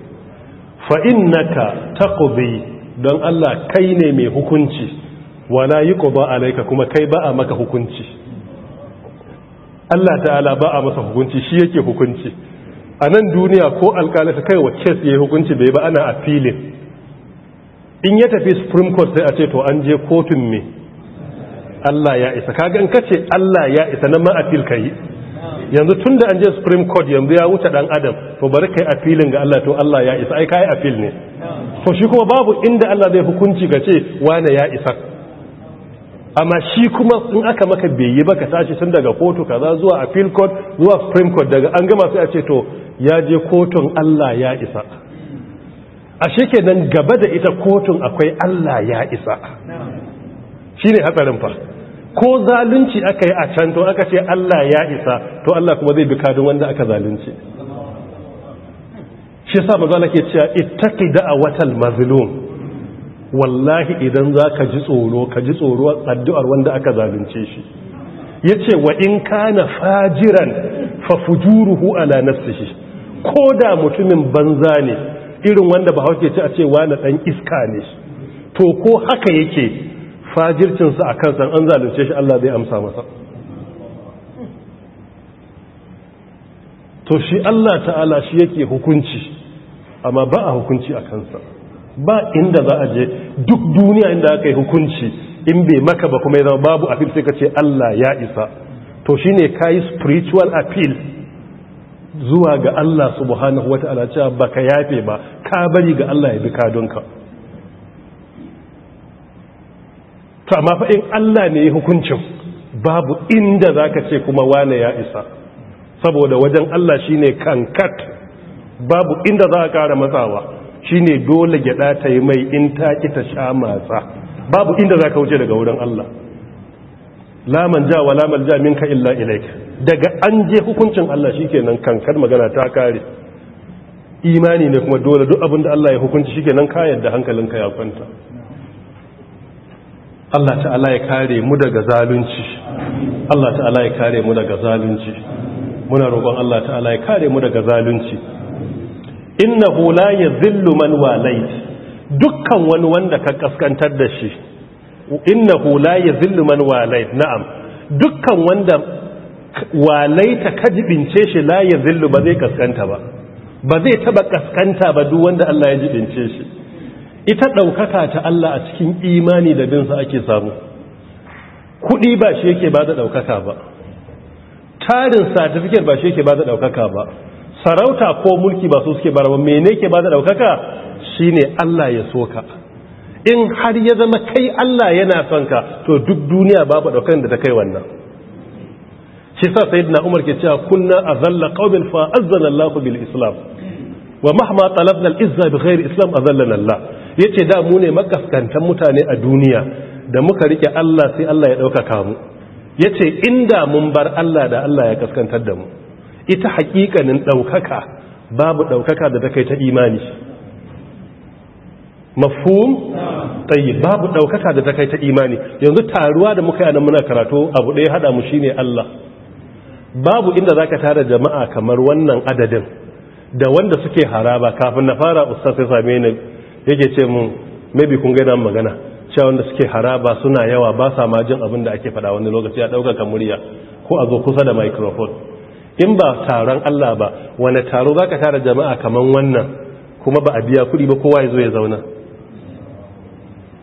fa innaka taqdi don Allah kai ne mai hukunci wala yuqda alayka kuma kai ba a maka hukunci Allah ta'ala ba a masa hukunci shi yake hukunci a nan duniya ko alƙalata kai wa kes ya yi hukunci bai ba ana a filin in ya tafi supreme court sai a ce to an je kotun me Allah ya isa kaga in kace Allah ya isa nan ma appeal kai yanzu tun da an je supreme court yanzu ya wuce dan adam to bari kai appealin ga Allah to Allah ya isa ai kai appeal ne to shi kuma babu inda Allah zai hukunci ga ce wane ya isa amma shi kuma in aka maka beyi baka tashi tun daga kotu kaza zuwa appeal court zuwa supreme court daga an gama sai a ce to ya je kotun Allah ya isa ashe kenan gaba da ita kotun akwai Allah ya isa shine hatsarin fa ko zalunci aka yi a can to aka ce Allah ya isa to Allah kuma zai bi kadin wanda aka zalunci shi sa mazala ke cewa ittaqi watal mazlum wallahi idan zaka ji tsoro ka ji tsoro addu'ar wanda aka zalunce shi yace wa in kana fajiran fa fujuruhu ala nafsihi koda mutumin banza ne irin wanda ba hauke ci a cewa na dan iska ne to ko haka yake fajircinsa a kansa an zalunce shi Allah zai amsa masa to shi Allah ta'ala shi yake hukunci amma ba a hukunci a kansa ba inda za a je duk duniya inda aka yi hukunci in bai maka ba kuma ya zama babu appeal sai ka ce Allah ya isa to shi ne ka yi spiritual appeal zuwa ga Allah subhanahu wa ta'ala cewa ba ka yafe ba ka bari ga Allah ya bi kadonka to amma fa in Allah ne ya hukuncin babu inda zaka ce kuma wane ya isa saboda wajen Allah shine kankat babu inda za ka kara matsawa shine dole gyada ta yi mai in ta ki ta sha matsa babu inda zaka wuce daga wurin Allah la manja wa la malja minka illa ilaik daga an je hukuncin Allah shikenan kankar magana ta kare imani ne kuma dole duk abinda Allah ya hukunci shikenan ka yadda hankalinka ya kwanta Allah ta'ala ya kare mu daga zalunci Allah ta'ala ya kare mu daga zalunci muna roƙon Allah ta'ala ya kare mu daga zalunci innahu la yadhillu man walait dukkan wani wanda ka kaskantar da shi innahu la yadhillu man walait na'am dukkan wanda walaita kajibince shi la yadhillu ba zai kaskanta ba ba zai taba kaskanta ba duk wanda Allah ya jibince shi ita ɗaukaka ta Allah a cikin imani da binsa ake samu kuɗi ba shi yake ba da ɗaukaka ba tarin satifiket ba shi yake ba da ɗaukaka ba sarauta ko mulki ba su suke ba ba mene ke ba da ɗaukaka shi ne Allah ya soka in har ya zama kai Allah yana son ka to duk duniya babu ɗaukan da ta kai wannan shi sa na Umar ke cewa kunna azalla qaumin fa azzana bil Islam wa mahma talabna izza bi ghairi Islam azallana Ya ce da mu ne makaskantar mutane a duniya da muka rike Allah sai Allah ya ɗaukaka mu yace inda mun bar Allah da Allah ya kaskantar da mu ita haƙiƙanin ɗaukaka babu ɗaukaka da ta kai ta imani mafhum tayyib babu ɗaukaka da ta kai ta imani yanzu taruwa da muka yana muna karatu abu ɗaya hada mu shine Allah babu inda zaka tara jama'a kamar wannan adadin da wanda suke haraba kafin na fara ustaz sai same ni yake ce mun maybe kun ga nan magana cewa wanda suke haraba suna yawa ba sa ma jin abin da ake faɗa wani lokaci a ɗaukaka murya ko a zo kusa da microphone in ba taron Allah ba wane taro za ka tara jama'a kamar wannan kuma ba a biya kuɗi ba kowa ya zo ya zauna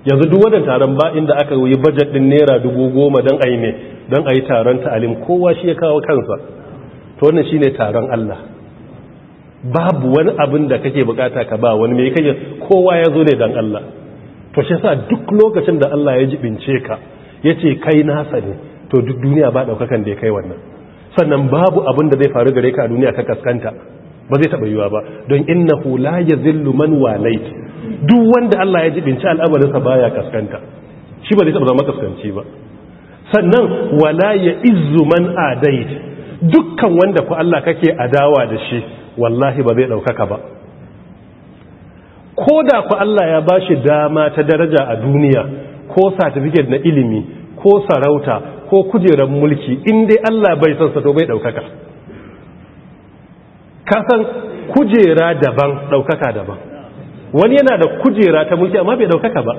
yanzu duk wadan taron ba inda aka yi budget din naira dubu goma don a yi mai don a yi taron ta'alim kowa shi ya kawo kansa to wannan shine taron Allah babu wani abin da kake bukata ka ba wani mai kake kowa ya zo ne dan Allah to shi sa duk lokacin da Allah ya jibince ka ya ce kai nasa ne to duk duniya ba daukakan da ya kai wannan sannan babu abin da zai faru gare ka a duniya ka kaskanta ba zai taɓa yiwa ba don hula la zillu man walait duk wanda Allah ya jibinci al'amarinsa baya kaskanta shi ba zai taɓa zama kaskanci ba sannan wala ya izuman man adait dukkan wanda ku Allah kake adawa da shi wallahi ba zai ɗaukaka ba ko da ku Allah ya ba shi dama ta daraja a duniya ko satifiket na ilimi ko sarauta ko kujerar mulki in dai Allah bai san sa to bai ɗaukaka kasan kujera daban ɗaukaka daban wani yana da kujera ta mulki amma bai ɗaukaka ba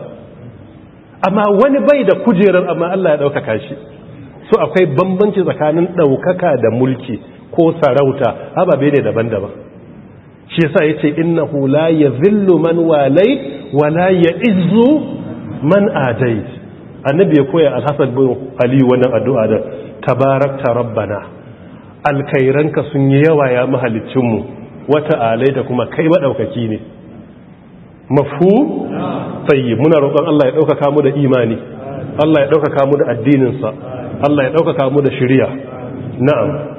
amma wani bai da kujerar amma Allah ya ɗaukaka shi so akwai bambanci tsakanin ɗaukaka da mulki ko sarauta ababe ne daban-daban shi yasa yace innahu la yazillu man walai wa la ya'izzu man adai annabi ya koya al-hasan bin ali wannan addu'a da tabarakta rabbana alkhairanka sun yi yawa ya mahalicin mu wata alai da kuma kai maɗaukaki ne mafu tayyib muna roƙon Allah ya dauka mu da imani Allah ya dauka mu da addinin sa Allah ya dauka mu da shari'a na'am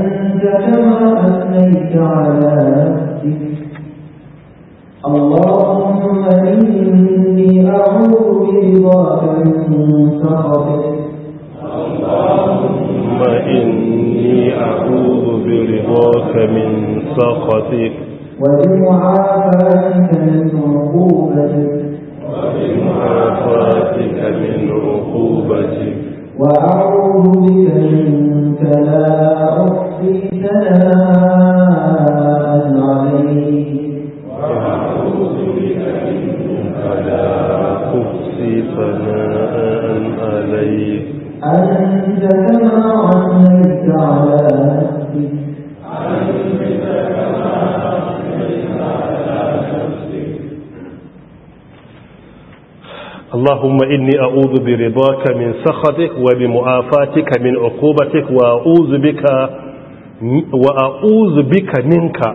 أنت كما أثنيت على نفسك اللهم إني أعوذ برضاك من سخطك اللهم إني أعوذ برضاك من سخطك وبمعافاتك من عقوبتك وبمعافاتك من عقوبتك وأعوذ اللهم إني أعوذ برضاك من سخطك وبمعافاتك من عقوبتك وأعوذ بك wa a'udhu bika minka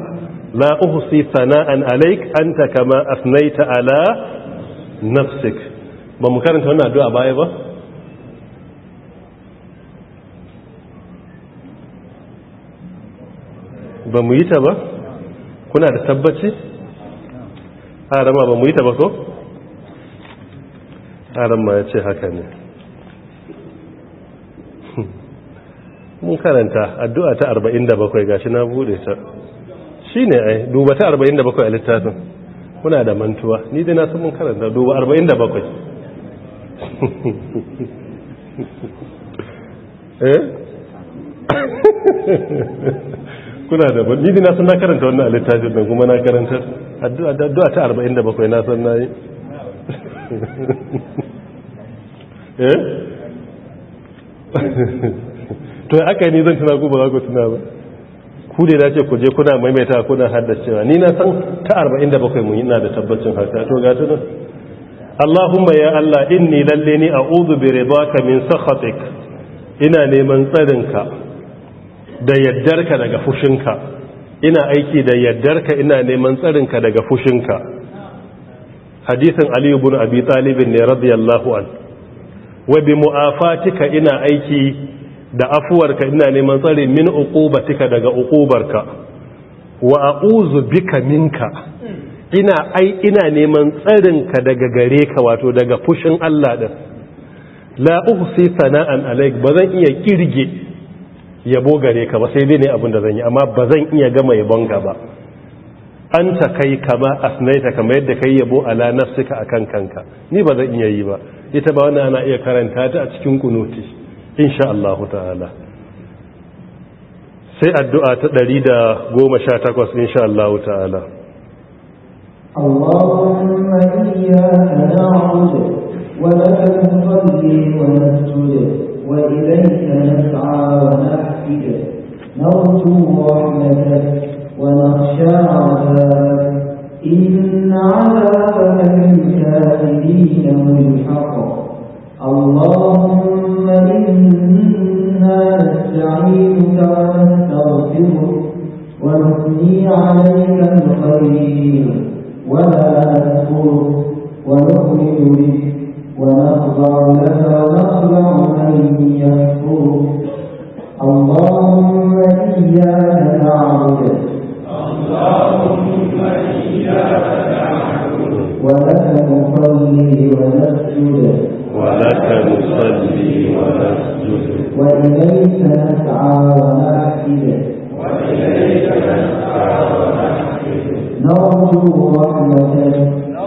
la uhsi sana'an alayk anta kama asnaita ala nafsik ba mu karanta wannan addu'a baya ba ba mu yi ta ba kuna da tabbaci rama ba mu yi ta ba ko rama ya ce haka ne mun karanta addu'a ta 47 gashi na bude ta shine ai duba ta 47 a littafin kuna da mantuwa ni dai na san mun karanta duba 47 eh kuna da ni dai na san na karanta wannan a littafin dan kuma na karanta addu'a addu'a ta 47 na san nayi eh to aka ni zan tuna ku ba za ku tuna ba ku da ce ku je kuna maimaita kuna haddacewa ni na san ta 47 mun ina da tabbacin haka to ga tunan Allahumma ya Allah inni lalle ni a'udhu bi ridaka min sakhatik ina neman tsarinka da yaddarka daga fushinka ina aiki da yaddarka ina neman tsarinka daga fushinka hadisin Ali ibn Abi Talib ne radiyallahu an wa bi mu'afatika ina aiki da afuwarka ina neman tsare min uqubatika daga uqubarka wa a'uzu bika minka ina ai ina neman tsarinka daga gare ka wato daga fushin Allah din la uhsi sana'an alaik bazan iya kirge yabo gare ka ba sai dai ne abin da zan yi amma bazan iya gama yabon ka ba anta kai kama asnaita kama yadda kai yabo ala nafsika akan kanka ni bazan iya yi ba ita ba wannan ana iya karanta ta a cikin kunuti insha Allah ta'ala sai addu'a ta 118 insha Allah ta'ala Allahumma iyyaka na'budu wa laka nusalli wa nasjudu wa ilayka nas'a wa nahfidu narju rahmatak wa nakhsha 'adabak إن عذابك للكافرين ملحق اللهم إنا نستعينك ونستغفرك ونثني عليك الخير ولا نذكرك ونؤمن بك ونخضع لك ونخضع من يكفرك اللهم إياك نعبد ولك نصلي ونسجد ولك نصلي ونسجد وإليك نسعى ونعتد وإليك نسعى ونعتد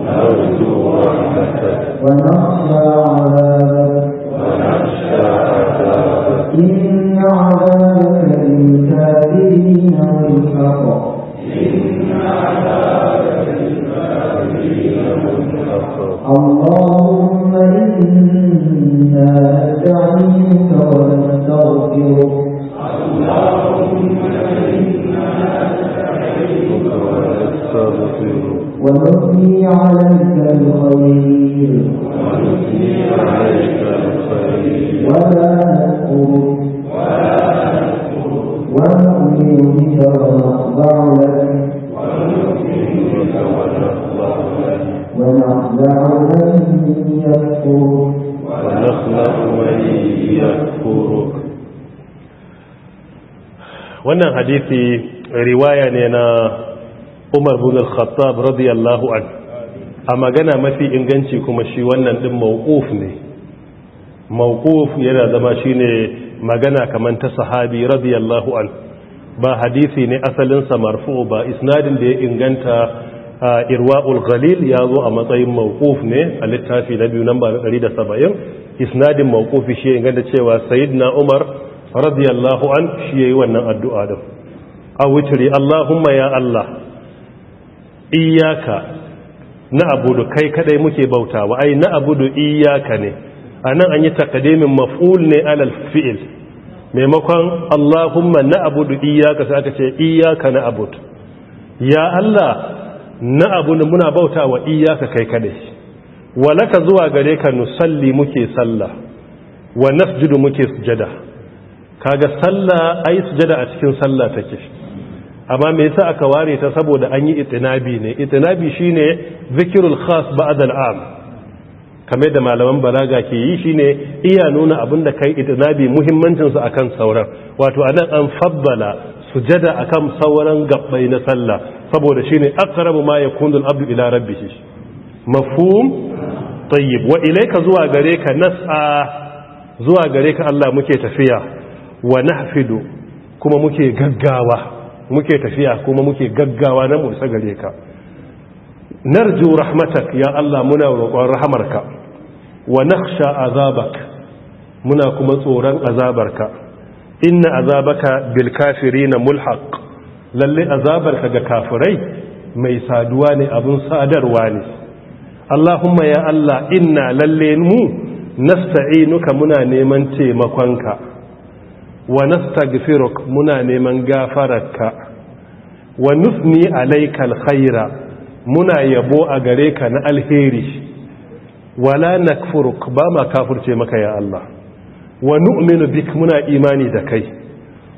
نرجو رحمته ونخشى عذابك ونخشى عذابك إن عذابك للكافرين ملحق اللهم إنا نستعينك ونستغفرك ونثني على wannan hadisi riwaya ne na Umar bin Al-Khattab radiyallahu an a magana mafi inganci kuma shi wannan din mawquf ne mawquf yana zama shine magana kamar ta sahabi radiyallahu an ba hadisi ne asalin sa marfu ba isnadin da ya inganta irwaul ghalil ya zo a matsayin mawquf ne a littafi na biyu namba 170 isnadin mawqufi shi ya da cewa sayyidina umar radiyallahu an shi yayi wannan addu'a din a wutri allahumma ya allah iyyaka na abudu kai kadai muke bautawa ai na abudu iyyaka ne anan an yi taqdimin maf'ul ne alal fi'il. maimakon allahumma na abudu iyyaka sai aka ce iyyaka na abudu ya allah na abudu muna bautawa iyyaka kai kadai walaka zuwa gare ka salli muke sallah wa nasjudu muke sujada kaga sallah ai sujada a cikin sallah take amma me yasa aka ware ta saboda an yi itinabi ne itinabi shine zikrul khas ba'd al'am kame da malaman balaga ke yi shine iya nuna abinda kai itinabi muhimmancin su akan sauran wato anan an fabbala sujada akan sauran gabbai na sallah saboda shine aqrabu ma yakunu al-abdu ila rabbih mafhum tayyib wa ilayka zuwa gare ka nas'a zuwa gare ka Allah muke tafiya wa nahfidu kuma muke gaggawa muke tafiya kuma muke gaggawa na musa gare ka narju rahmatak ya Allah muna roƙon rahamarka wa nakhsha azabak muna kuma tsoron azabarka inna azabaka bil kafirin mulhaq lalle azabarka ga kafirai mai saduwa ne abun sadarwa ne Allahumma ya Allah inna lalle mu nasta'inuka muna neman taimakonka wa nastaghfiruk muna neman gafararka wa nusni alayka alkhaira muna yabo a gare ka na alheri wala nakfuruk ba ma kafirce maka ya Allah wa nu'minu bik muna imani da kai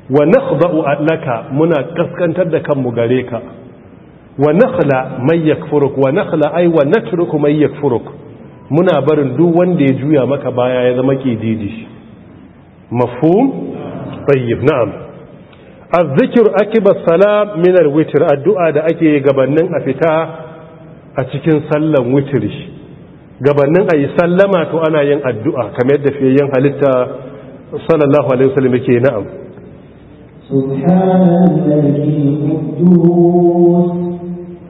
wa nakhda'u laka muna kaskantar da kanmu gare ka wa nakhla man yakfuruk wa nakhla ay wa natruku man yakfuruk muna barin duk wanda ya juya maka baya ya zama kididi mafhum tayyib na'am azzikr akiba salam min alwitr addu'a da ake gabanin a fita a cikin sallan witiri gabanin ayi sallama to ana yin addu'a kamar yadda fiye halitta sallallahu alaihi wasallam yake na'am سبحان الملك القدوس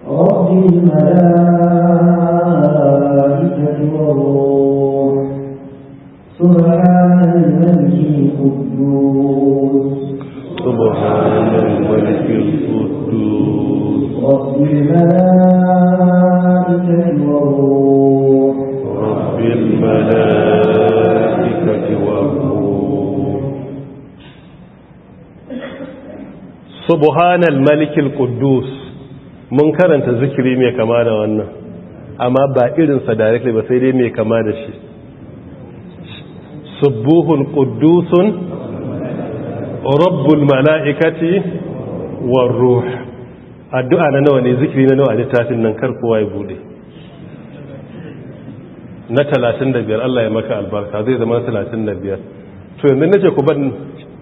رب الملائكة والروح سبحان الملك القدوس سبحان الملك القدوس رب الملائكة والروح رب الملائكة subhanal malikil quddus mun karanta zikiri mai kama da wannan amma ba irinsa directly ba sai dai mai kama da shi subuhun kudusun rabbul mala'ikati war ruh addu'a na nawa ne zikiri na nawa littafin nan kar kowa ya bude na 35 Allah ya maka albarka zai zama 35 to yanzu nake ku ban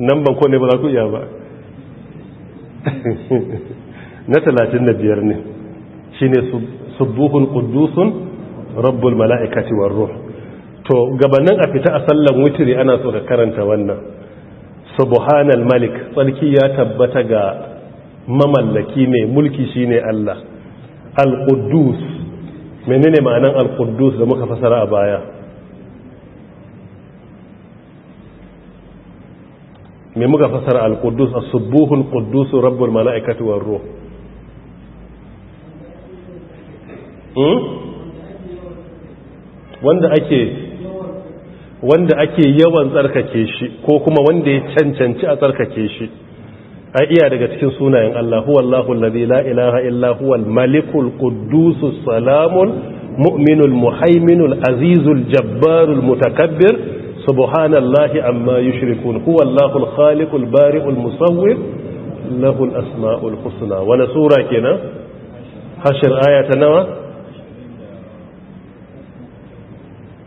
nan ban ko ne ba za ku iya ba na talatin da biyar ne shi ne subuhun kudusun rabbul mala'ikati warro ruh to gabanin a fita a sallan wutiri ana so ka karanta wannan subhanal malik tsarki ya tabbata ga mamallaki mai mulki shi ne Allah al-quddus menene ma'anan al kudus da muka fasara a baya me muka fasara al-quddus as subuhul quddus rabbul mala'ikati war ruh hmm? wanda ake wanda ake yawan tsarkake shi ko kuma wanda ya cancanci a tsarkake shi ai iya daga cikin sunayen Allah huwallahu allazi la ilaha illa huwal malikul as salamul mu'minul muhaiminul azizul jabbarul mutakabbir subhanallahi amma yushrikun huwa allahul khaliqul bari'ul musawwir lahul sura kenan hashir aya ta nawa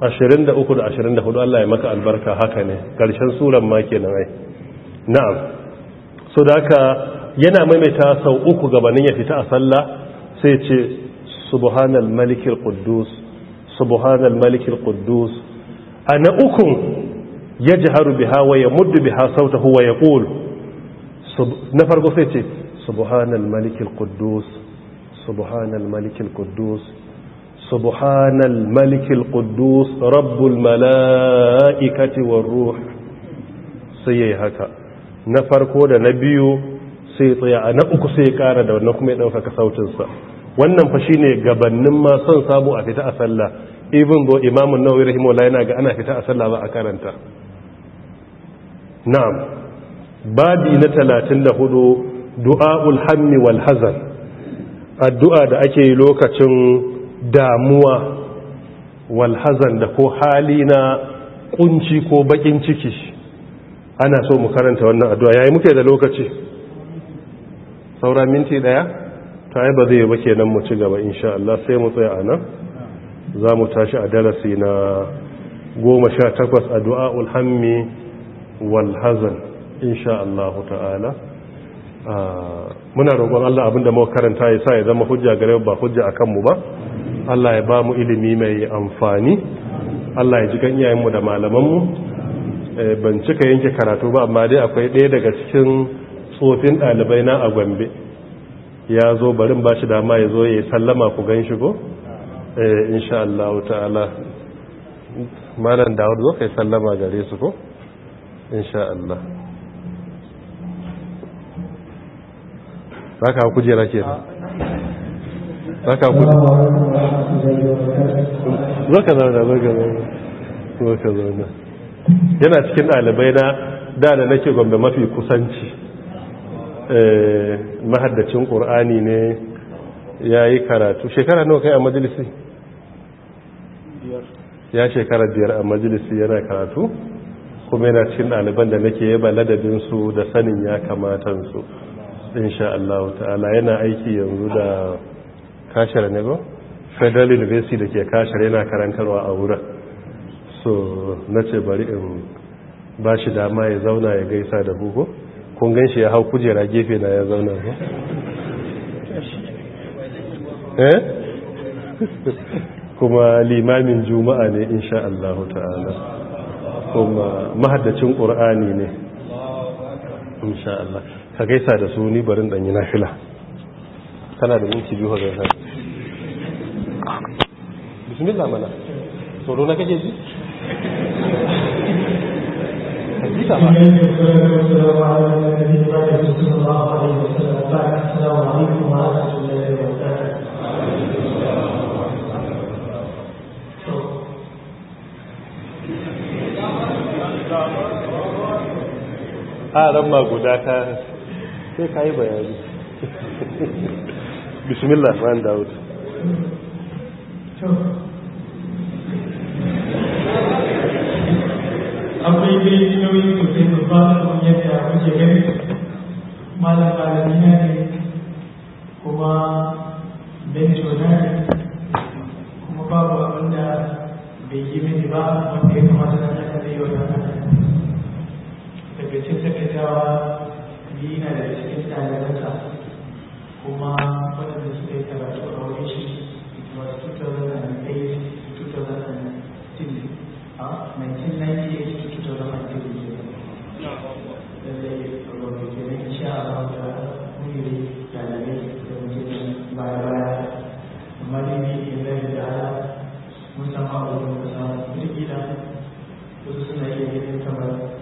23 da 24 Allah ya maka albarka haka ne karshen suran ma kenan ai na'am so haka yana maimaita sau uku gabanin ya fita a sallah sai ce subhanal malikil a na ukun ya ji haru biha wa ya muddu biha sauta huwa ya ƙulu na farko sai ce subhanal malikil kudus subhanal malikil kudus subhanal malikil kudus rabbul mala'ikati wa ruh sai ya yi haka na farko da na biyu sai tsaya a na uku sai ya ƙara da wannan kuma ya ɗaukaka sautinsa wannan fashi ne gabannin ma son samu a fita a sallah even though imamun nawawi rahimahullah yana ga ana fita a sallah ba a karanta na'am babi na 34 du'aul hammi wal hazan addu'a da ake yi lokacin damuwa wal hazan da ko hali na kunci ko bakin ciki ana so mu karanta wannan addu'a yayi muke da lokaci saura minti daya ta yi ba zai ba kenan mu ci gaba insha Allah sai mu tsaya a nan. za mu tashi a darasi na goma sha takwas a dua hammi walhazan inshaAllahu Allah ta'ala ah, muna roƙon Allah abinda mawa karanta ya sa ya zama hujja gare ba hujja a kanmu ba Allah ya ba mu ilimi mai amfani Allah ya ji kan iyayenmu da malamanmu eh, ban cika yanke karatu ba amma dai akwai ɗaya daga cikin tsofin ɗalibai na a Gombe ya zo barin ba shi dama ya zo ya sallama ku gan ko. Eh, insha Allah ta'ala malam Dawud zo kai sallama gare su ko insha Allah zaka kujera kenan zaka kujera zaka zauna zaka zauna zaka na yana cikin dalibai na da da nake gombe mafi kusanci eh mahaddacin qur'ani ne yayi karatu shekara nawa kai a majalisi ya shekara biyar a majalisi yana karatu kuma yana cin ɗaliban da nake yaba ladabinsu da sanin ya kamata su insha Allah ta'ala yana aiki yanzu da kashar ne go federal university da ke kashar yana karantarwa a wurin so na ce bari in ba shi dama ya zauna ya gaisa da bugo kun ganshi ya hau kujera gefe na ya zauna ba eh kuma limamin juma'a ne insha Allah ta'ala kuma mahaddacin qur'ani ne insha Allah ka gaisa da su ni barin danyi nafila kana da minti biyu ga sa bismillah mana tsoro na kake ji Bisa haran ma guda ta sai ka yi bayani bismillah ma'an dawud akwai dai nauyi sosai babba kamar yadda muke gani malam malami ne kuma bento na ne kuma babu abinda bai yi mini ba wanda ya kamata na zaka yi wa takaicin takaitawa yi na da cikin ɗalibansa kuma waɗanda suka yi karatu a wurin shi was 2008 2010 a 1998 to 2010 lallai rubutu kenan insha Allah da kuri ɗalibai da mutum baya baya amma ne illahi da ala mun samu abubuwan da samu duk gida wasu suna iya yin kamar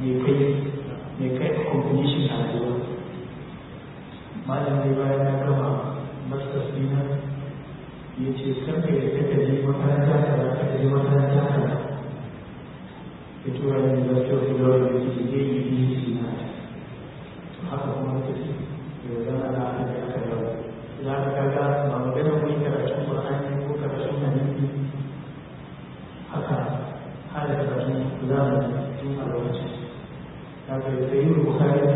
me kai me kai a combination a rayuwa malam ne bayan na gama masters dina ya ce san ka yadda ka je makaranta ka ba ka je makaranta ka ba ya tura ni da kyau da yau da ke je yi biyu su na haka kuma ta ce da zama na aka ga aka yau